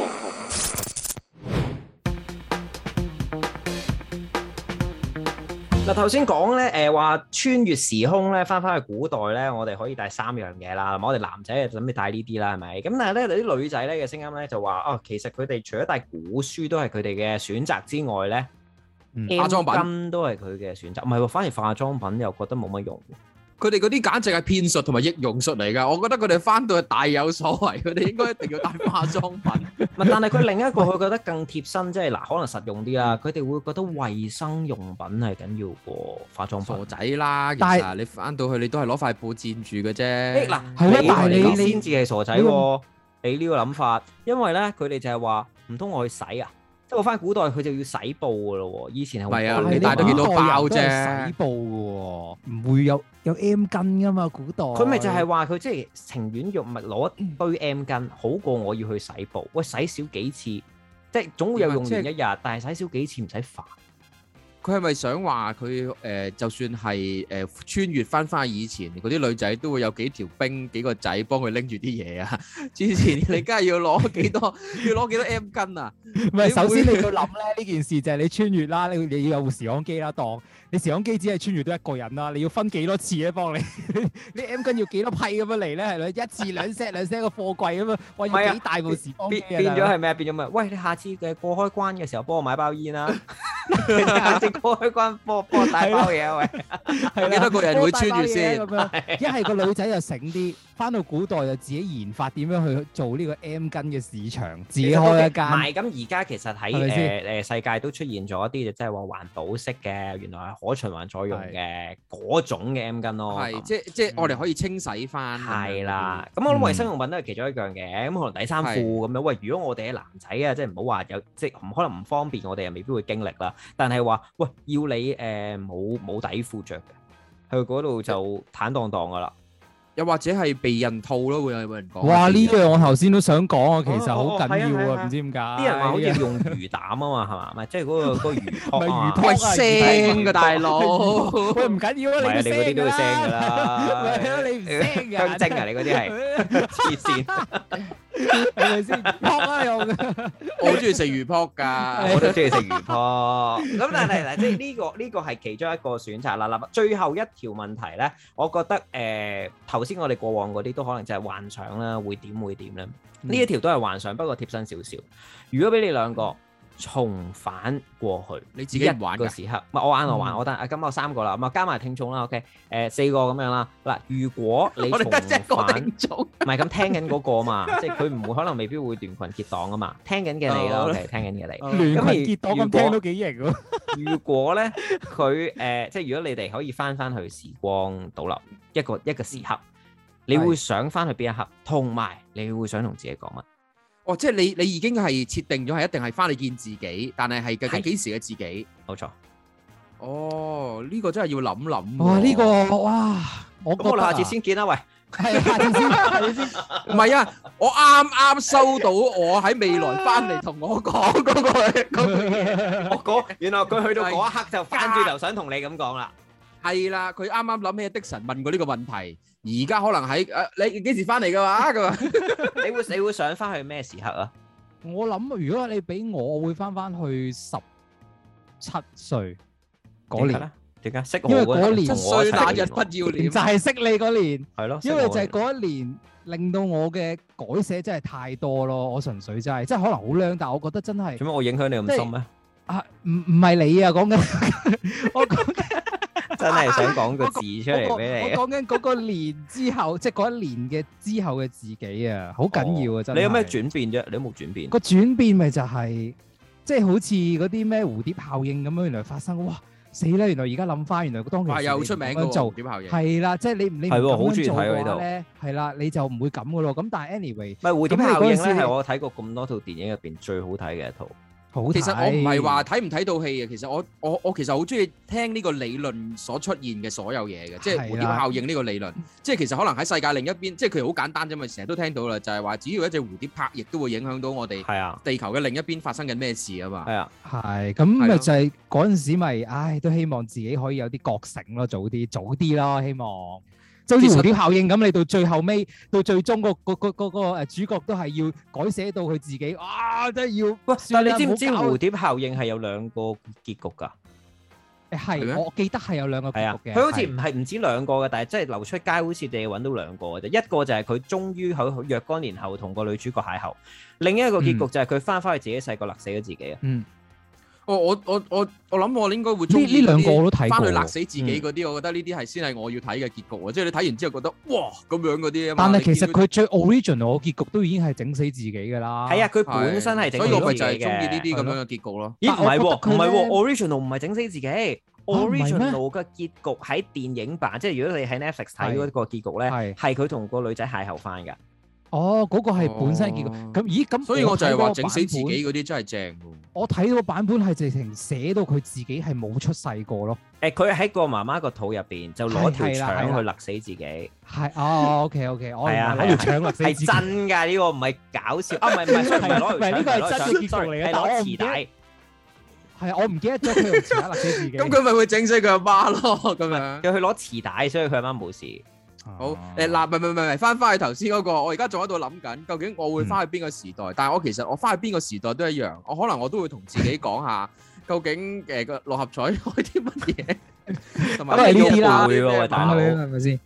頭先講咧，誒，話穿越時空咧，翻翻去古代咧，我哋可以帶三樣嘢啦，係嘛？我哋男仔啊，準備帶呢啲啦，係咪？咁但係咧，你啲女仔咧嘅聲音咧就話，啊、哦，其實佢哋除咗帶古書都係佢哋嘅選擇之外咧，嗯，化妝品都係佢嘅選擇，唔係、啊，反而化妝品又覺得冇乜用。佢哋嗰啲簡直係騙術同埋易容術嚟㗎，我覺得佢哋翻到去大有所為，佢哋應該一定要帶化妝品。 但係佢另一個，佢覺得更貼身，即係嗱，可能實用啲啊。佢哋、嗯、會覺得衛生用品係緊要過化妝品。傻仔啦，其實但 你翻到去你都係攞塊布墊住嘅啫。嗱、欸，唉但係你先至係傻仔喎、啊，那你呢個諗法，因為咧佢哋就係話唔通我去洗啊？即我翻古代佢就要洗布噶咯喎，以前係，你大、啊、都見到爆啫，洗布喎，唔會有有 M 巾噶嘛，古代。佢咪就係話佢即係情願用物攞一堆 M 巾，好過我要去洗布。喂、哎，洗少幾次，即係總會有用完一日，就是、但係洗少幾次唔使煩。佢係咪想話佢誒，就算係誒、呃、穿越翻翻以前嗰啲女仔，都會有幾條兵幾個仔幫佢拎住啲嘢啊？ 之前你梗係要攞幾多， 要攞幾多 M 巾啊？唔係是會首先你要諗咧呢件事，就係你穿越啦，你你要有護時光機啦，當。你時光機只係穿越到一個人啦，你要分幾多次咧幫你？你 M 巾要幾多批咁樣嚟咧？係咯，一次兩 set 兩 set 個貨櫃咁樣，喂幾大部時光嘅？變變咗係咩？變咗咩？喂，你下次嘅過開關嘅時候幫我買包煙啦，下次過開關幫幫我帶包嘢喂，係幾多個人會穿越先咁樣？一係個女仔就醒啲，翻到古代就自己研發點樣去做呢個 M 巾嘅市場，自己開一間。唔係咁而家其實喺誒誒世界都出現咗一啲即係話環保式嘅，原來。可循環作用嘅嗰是種嘅 M 巾咯，係是、嗯、即即我哋可以清洗翻，係啦、嗯。咁我諗衞生用品都係其中一樣嘅。咁可能底衫褲咁是樣，喂，如果我哋係男仔啊，即係唔好話有即係可能唔方便，我哋又未必會經歷啦。但係話，喂，要你誒冇冇底褲着嘅，去嗰度就坦蕩蕩噶啦。又或者係避孕套咯，會有人講。哇！呢、這、樣、個、我頭先都想講啊，其實好緊要、哦哦哦、啊，唔、啊、知點解。啲人話好似用魚膽啊嘛，係嘛？唔即係嗰個嗰、那個、魚胎、啊，魚胎聲嘅大佬，唔緊要啊 啊，啊，你啲都聲㗎啦。係啊，你唔聲㗎？香精啊，你啲係黐線係咪先？卜啊用！我好中意食魚卜噶，我都中意食魚卜。咁但係嗱，即係呢個呢個係其中一個選擇啦。嗱，最後一條問題咧，我覺得誒，頭、呃、先我哋過往嗰啲都可能就係幻想啦，會點會點咧？呢、嗯、一條都係幻想，不過貼身少少。如果俾你兩個？重返過去，你自己玩嘅時刻。唔係、嗯、我玩我玩，我得啊，咁我三個啦，咁啊加埋聽眾啦，OK，誒、呃、四個咁樣啦。嗱，如果你得重返，唔係咁聽緊嗰 個嘛，即係佢唔會可能未必會聯群結黨啊嘛，聽緊嘅你咯，係、 OK，聽緊嘅你。 聯群結黨咁聽都幾型喎。如果咧佢誒，即係如果你哋可以翻翻去時光倒流一個一個，一個時刻，你會想翻去邊一刻？同埋的你會想同自己講乜？即係你，你已經係設定咗係一定係翻嚟見自己，但係係究竟幾時嘅自己？冇錯。哦，呢個真係要諗諗。哇！呢個哇，我過嚟下次先見啦。喂，係下次先，下次先。唔係啊，我啱啱收到，我喺未來翻嚟同我講嗰句，嗰句，我講，然後佢去到嗰一刻就翻轉頭想同你咁講啦。係啦，佢啱啱諗起迪神問過呢個問題，而家可能喺，誒你幾時翻嚟噶嘛？咁啊，你會你會想翻去咩時刻啊？我諗，如果你俾我，我會翻翻去十七歲嗰年。點解識我嘅？因為嗰年同我打日不要臉，就係識你嗰年。係咯，因為就係嗰一年令到我嘅改寫真係太多咯。我純粹真係，即係可能好靚，但係我覺得真係。做咩我影響你咁深咩？啊，唔唔係你啊，講緊我講緊。真係想講個字出嚟俾你我。我講緊嗰個年之後， 即係嗰一年嘅之後嘅自己啊，好緊要啊！真係。你有咩轉變啫？你有冇轉變？有有轉變個轉變咪就係、是，即、就、係、是、好似嗰啲咩蝴蝶效應咁樣，原來發生，哇死啦！原來而家諗翻，原來當年、啊、又出名嘅。做蝴蝶效應係啦，即係你你唔係好中意睇嗰度。係啦，你就唔會咁嘅咯。咁但係 anyway，唔係蝴蝶效應咧，係我睇過咁多套電影入邊最好睇嘅一套。好，其實我唔係話睇唔睇到戲啊，其實我我我其實好中意聽呢個理論所出現嘅所有嘢嘅，的即係蝴蝶效應呢個理論。 即係其實可能喺世界另一邊，即係佢好簡單啫嘛，成日都聽到啦，就係話只要一隻蝴蝶拍，亦都會影響到我哋地球嘅另一邊發生緊咩事啊嘛。係啊的，係咁咪就係嗰陣時咪，唉，都希望自己可以有啲覺醒咯，早啲早啲咯，希望。好似蝴蝶效應咁，你到最後尾，到最終個個個個個誒主角都係要改寫到佢自己啊！真係要，但你知唔知蝴蝶效應係有兩個結局噶？誒，係，我記得係有兩個結局嘅。佢好似唔係唔止兩個嘅，但係真係流出街好似淨係揾到兩個嘅啫。一個就係佢終於喺若干年後同個女主角邂逅，另一個結局就係佢翻返去自己細個勒死咗自己啊。哦，我我我我諗我應該會中意呢兩個我都睇，翻去勒死自己嗰啲，我覺得呢啲係先係我要睇嘅結局，即係你睇完之後覺得哇，咁樣嗰啲，但係其實佢最 original 嘅結局都已經係整死自己㗎啦。係啊，佢本身係整死自己。所以佢就係中意呢啲咁樣嘅結局咯。咦？唔係喎，唔係喎，original 唔係整死自己。original 嘅結局喺電影版，即係如果你喺 Netflix 睇嗰個結局咧，係佢同個女仔邂逅翻㗎。哦，嗰個係本身結果，咁咦咁，所以我就係話整死自己嗰啲真係正喎。我睇到版本係直情寫到佢自己係冇出世過咯。誒，佢喺個媽媽個肚入邊就攞條臍帶去勒死自己。係哦，OK OK，我係啊，攞條臍帶勒死自己。係真㗎，呢個唔係搞笑。啊，唔係唔係，唔係呢個係真嘅結局嚟嘅。攞臍帶係啊，我唔記得咗佢用臍帶勒死自己。咁佢咪會整死佢阿媽咯？咁樣佢去攞臍帶，所以佢阿媽冇事。好，誒嗱，咪咪咪，係唔翻翻去頭先嗰個，我而家仲喺度諗緊，究竟我會翻去邊個時代？嗯、但係我其實我翻去邊個時代都一樣，我可能我都會同自己講下，究竟誒個六合彩開啲乜嘢，同埋呢啲啦，呢啲打開係咪先？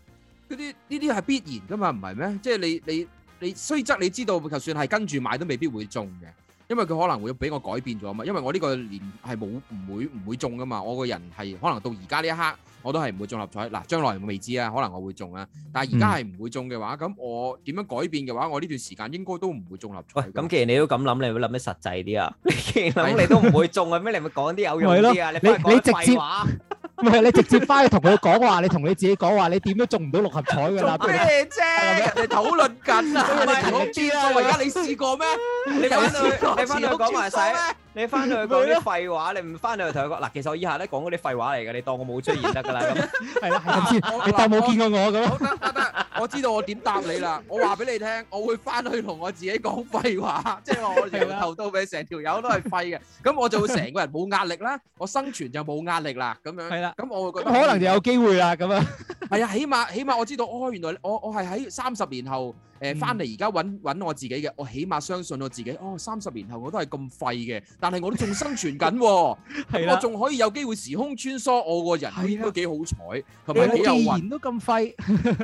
嗰啲呢啲係必然㗎嘛，唔係咩？即、就、係、是、你你你，你雖則你知道，就算係跟住買都未必會中嘅。因為佢可能會俾我改變咗啊嘛，因為我呢個年係冇唔會唔會中噶嘛，我個人係可能到而家呢一刻，我都係唔會中六合彩。嗱，將來我未知啊，可能我會中啊，但係而家係唔會中嘅話，咁我點樣改變嘅話，我呢段時間應該都唔會中六合彩。咁既然你都咁諗，你會諗得實際啲啊？咁 你都唔會中啊？咩？ 你咪講啲有用啲 的你你直接。話 唔係 你直接翻去同佢講話，你同你自己講話，你點都中唔到六合彩㗎啦！做咩啫？人哋討論緊 是啊！所以你勤力啲啊！所以而家你試過咩？ 過你有翻去，你翻去講埋使。你翻到去講啲廢話，你唔翻到去同佢講嗱。其實我以下咧講嗰啲廢話嚟嘅，你當我冇出現得㗎啦。咁係啦，係咁先。你當冇見過我咁。得得 樣，我知道我點答你啦。 我話俾你聽，我會翻去同我自己講廢話，即係話我由頭到尾成條友都係廢嘅。咁 我就會成個人冇壓力啦。我生存就冇壓力啦。咁樣係啦。咁 我會覺得可能就有機會啦。咁啊，係 啊，起碼起碼我知道，哦，原來我我係喺三十年後。誒，翻嚟而家揾揾我自己嘅，我起碼相信我自己。哦，三十年後我都係咁廢嘅，但係我都仲生存緊，係我仲可以有機會時空穿梭，我個人應該幾好彩，同埋幾有運都咁廢。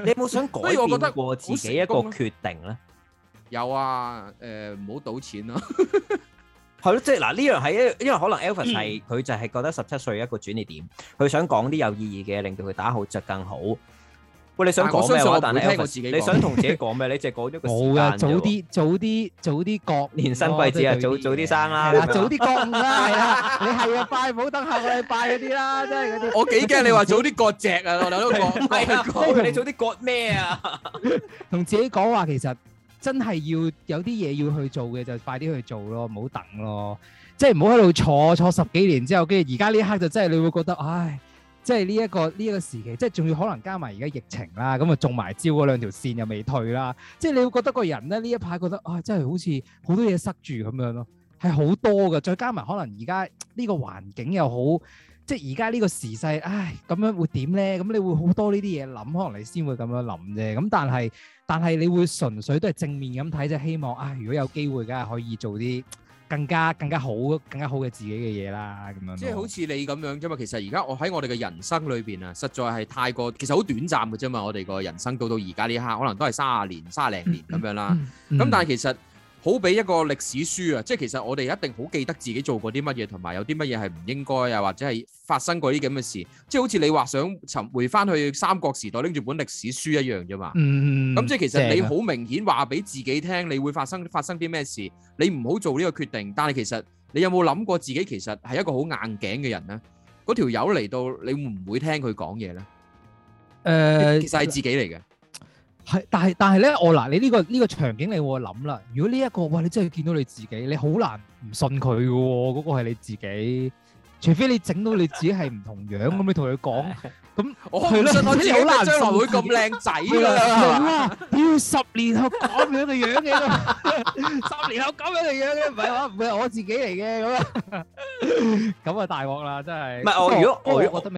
你有冇想改變過自己一個決定咧？有啊，誒，唔好賭錢咯。係咯，即係嗱，呢樣係因因為可能 Alvis 係佢就係覺得十七歲一個轉捩點，佢想講啲有意義嘅，令到佢打好着更好。你想講但你聽我自己你想同自己講咩？你淨係講咗個時間。冇啊！早啲，早啲，早啲割年新季節啊！早早啲生啦。早啲割啦，係啊！你係啊！快唔好等下個禮拜嗰啲啦，真係嗰啲。我幾驚你話早啲割隻啊！我哋都講講講。你早啲割咩啊？同自己講話，其實真係要有啲嘢要去做嘅，就快啲去做咯，唔好等咯。即係唔好喺度坐坐十幾年之後，跟住而家呢一刻就真係你會覺得唉。即係呢一個呢一個時期，即係仲要可能加埋而家疫情啦，咁啊中埋招嗰兩條線又未退啦。即係你會覺得個人咧呢一排覺得啊、哎，真係好似好多嘢塞住咁樣咯，係好多㗎。再加埋可能而家呢個環境又好，即係而家呢個時勢，唉、哎，咁樣會點咧？咁你會好多呢啲嘢諗，可能你先會咁樣諗啫。咁但係但係你會純粹都係正面咁睇啫，希望啊、哎，如果有機會，梗係可以做啲更加更加好更加好嘅自己嘅嘢啦，咁樣 即係好似你咁樣啫嘛。其實而家我喺我哋嘅人生裏面啊，實在係太過其實好短暫嘅啫嘛。我哋個人生到到而家呢一刻，可能都係三十年三十年咁樣啦。咁 但係其實。好比一個歷史書啊，即係其實我哋一定好記得自己做過啲乜嘢，同埋有啲乜嘢係唔應該啊，或者係發生過啲咁嘅事。即係好似你話想尋回翻去三國時代拎住本歷史書一樣啫嘛。嗯，咁即係其實你好明顯話俾自己聽，你會發生發生啲咩事？你唔好做呢個決定。但係其實你有冇諗過自己其實係一個好硬頸嘅人咧？嗰條友嚟到，你會唔會聽佢講嘢咧？誒，其實係自己嚟嘅。係，但係但係咧，我嗱你呢個呢個場景，你會諗啦，如果呢一個哇，你真係要見到你自己，你好難唔信佢嘅喎，嗰個係你自己，除非你整到你自己係唔同樣咁你同佢講，咁我唔信我真好難，將來會咁靚仔啦，點啊？要十年後咁樣嘅樣嘅，十年後咁樣嘅樣嘅，唔係話唔係我自己嚟嘅，咁啊，咁啊大鑊啦，真係，唔係我如果我。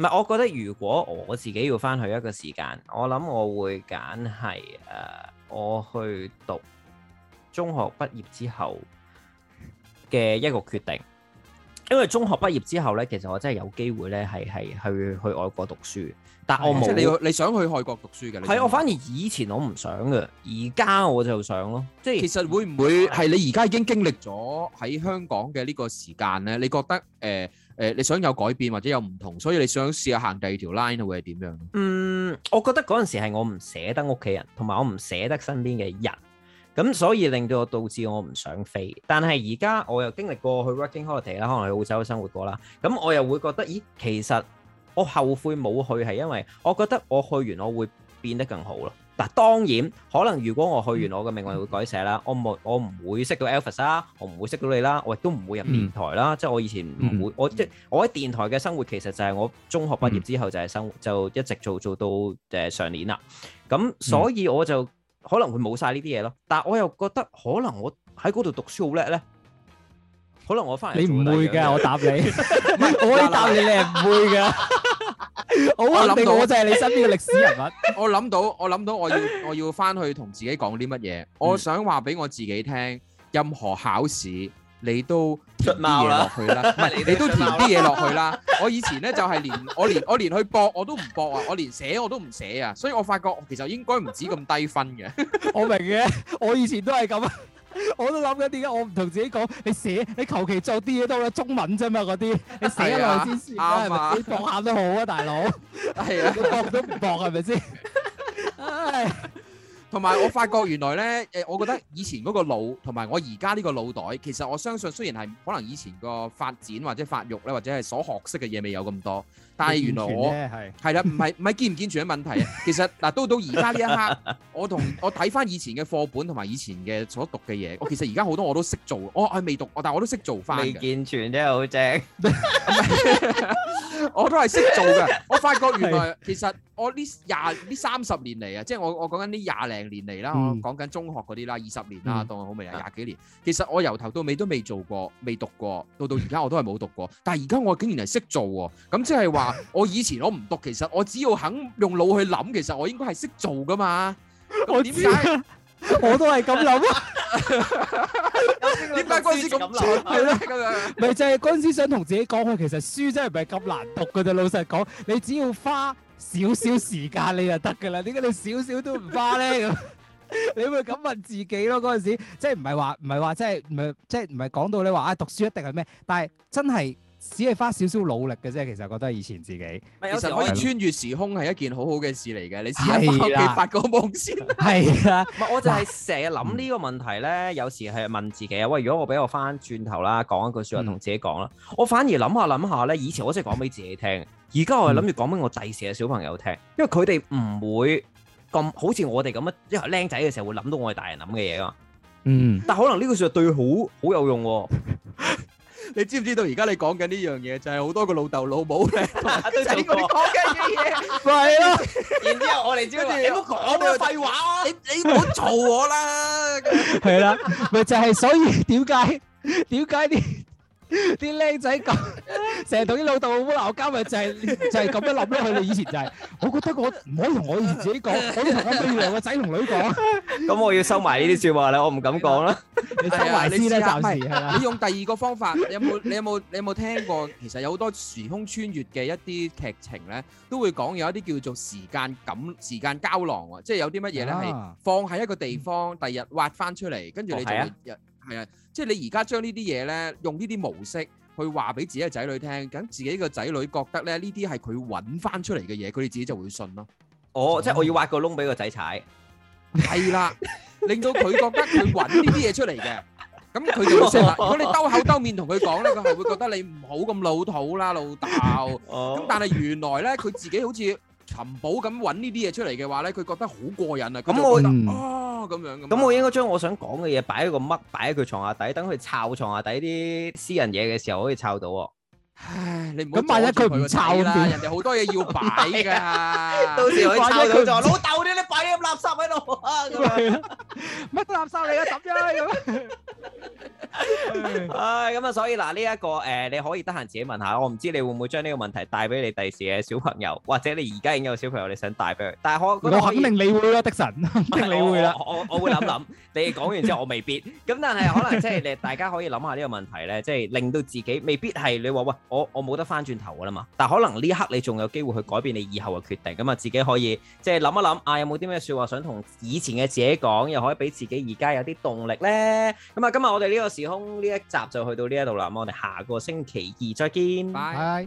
唔係，我覺得如果我自己要翻去一個時間，我諗我會揀係誒，uh, 我去讀中學畢業之後嘅一個決定，因為中學畢業之後咧，其實我真係有機會咧，係係去去外國讀書，但係我冇。即係你你想去外國讀書嘅？係啊，我反而以前我唔想嘅，而家我就想咯。即係其實會唔會係你而家已經經歷咗喺香港嘅呢個時間咧？你覺得誒？呃誒、呃、你想有改變或者有唔同，所以你想試下行第二條 line 會係點樣？嗯，我覺得嗰陣時係我唔捨得屋企人，同埋我唔捨得身邊嘅人，咁所以令到我導致我唔想飛。但係而家我又經歷過去 working holiday 啦，可能去澳洲生活過啦，咁我又會覺得，咦，其實我後悔冇去，係因為我覺得我去完我會變得更好咯。但當然可能如果我去完、嗯、我嘅命運會改寫啦，我冇我唔會識到 Alvis 啦，我唔會識到你啦，我亦都唔會入電台啦。嗯、即係我以前唔會，嗯、我即我喺電台嘅生活其實就係我中學畢業之後就係生活，就一直做做到誒、呃、上年啦。咁所以我就、嗯、可能會冇晒呢啲嘢咯。但我又覺得可能我喺嗰度讀書好叻咧，可能我翻嚟你唔會嘅，我答你， 我可以答你你係唔會嘅。 我諗到我就係你身邊嘅歷史人物。我諗到，我諗到我，我要我要翻去同自己講啲乜嘢。嗯、我想話俾我自己聽，任何考試你都填啲嘢落去啦，唔係 你都填啲嘢落去啦。 我以前咧就係連我連我連去搏我都唔搏啊，我連寫我都唔寫啊，所以我發覺我其實應該唔止咁低分嘅。 我明嘅，我以前都係咁啊。 我都諗緊點解我唔同自己講，你寫你求其做啲嘢都係中文啫嘛，嗰啲你寫一耐先算啦，係咪？你讀下都好啊，大佬。係啊，讀都唔讀係咪先？唉，同埋我發覺原來咧，誒，我覺得以前嗰個腦，同埋我而家呢個腦袋，其實我相信雖然係可能以前個發展或者發育咧，或者係所學識嘅嘢未有咁多。但係原來我係啦，唔係唔係健唔健全嘅問題啊！ 其實嗱，到到而家呢一刻，我同我睇翻以前嘅課本同埋以前嘅所讀嘅嘢，我其實而家好多我都識做，我係未讀，我但係我都識做翻。未健全真係好正， 我都係識做㗎。我發覺原來是其實我呢廿呢三十年嚟啊，即係我我講緊呢廿零年嚟啦，我講緊中學嗰啲啦，二十年啦，當我好未啊，廿幾年，年，其實我由頭到尾都未做過，未讀過，到到而家我都係冇讀過。但係而家我竟然係識做喎，咁即係話。我以前我唔讀，其實我只要肯用腦去諗，其實我應該係識做噶嘛。我點解我都係咁諗啊？點解嗰陣時咁諗？係咯，咪就係嗰陣時想同自己講，我其實書真係唔係咁難讀噶啫。老實講，你只要花少少時間你就得噶啦。點解你少少都唔花咧？咁 你會咁問自己咯、啊？嗰陣時即係唔係話唔係話即係唔係即係唔係講到你話啊讀書一定係咩？但係真係。只係花少少努力嘅啫，其實覺得以前自己，有時可以穿越時空係一件好好嘅事嚟嘅。是啊、你試下，翻屋企發個夢先，係是啊！唔 我就係成日諗呢個問題咧。有時係問自己啊，喂！如果我俾我翻轉頭啦，講一句説話同自己講啦，嗯、我反而諗下諗下咧，以前我識講俾自己聽，而家我係諗住講俾我第時嘅小朋友聽，因為佢哋唔會咁好似我哋咁啊，因為僆仔嘅時候會諗到我哋大人諗嘅嘢啊。嗯，但可能呢句説話對佢好好有用喎、啊。 你知唔知道而家你講緊呢樣嘢就係好多個老豆老母咧，講緊嘅嘢，係咯。然之後我哋知 你唔好講啲廢話啊， 你你唔好嘈我啦。係啦，咪就係，所以點解點解呢？啲僆仔咁成日同啲老豆鬧交，咪就係就係咁樣諗咧。佢哋以前就係，我覺得我唔可以同我自己講，我可以同兩個仔同女講。咁、嗯、我要收埋呢啲説話啦，我唔敢講啦。收埋呢啲暫時係啦、啊嗯。你用第二個方法，你有冇你有冇你有冇聽過？其實有好多時空穿越嘅一啲劇情咧，都會講有一啲叫做時間感、時間膠囊，即係有啲乜嘢咧，係放喺一個地方，第二日挖翻出嚟，跟住你就會日。哦。係啊，即係你而家將呢啲嘢咧，用呢啲模式去話俾自己嘅仔女聽，咁自己個仔女覺得咧，呢啲係佢揾翻出嚟嘅嘢，佢哋自己就會信咯。哦，oh, oh. 即係我要挖個窿俾個仔踩，係啦， 令到佢覺得佢揾呢啲嘢出嚟嘅，咁佢就會識啦。Oh. 如果你兜口兜面同佢講咧，佢係會，會覺得你唔好咁老土啦，老豆。咁、oh. 但係原來咧，佢自己好似。尋寶咁揾呢啲嘢出嚟嘅話咧，佢覺得好過癮。嗯、啊，咁我啊咁樣、嗯、咁樣我應該將我想講嘅嘢擺喺個乜，擺喺佢牀下底，等佢摷床下底啲私人嘢嘅時候可以摷到。唉，你唔好咁，萬一佢抄啦，人哋好多嘢要擺噶，到時佢抄咗佢就話老豆，你你擺啲咁垃圾喺度啊，咁樣乜垃圾嚟啊，抌咗啦咁。唉，咁啊，所以嗱呢一個誒，你可以得閒自己問下，我唔知你會唔會將呢個問題帶俾你第時嘅小朋友，或者你而家已經有小朋友，你想帶俾佢，但係我我肯定你會啦，的神，你會啦，我我會諗諗，你講完之後我未必，咁但係可能即係你大家可以諗下呢個問題咧，即係令到自己未必係你話喂。我我冇得翻轉頭噶啦嘛，但可能呢刻你仲有機會去改變你以後嘅決定，咁啊自己可以即係諗一諗啊，有冇啲咩説話想同以前嘅自己講，又可以俾自己而家有啲動力呢？咁啊，今日我哋呢個時空呢一集就去到呢一度啦，咁我哋下個星期二再見。拜拜。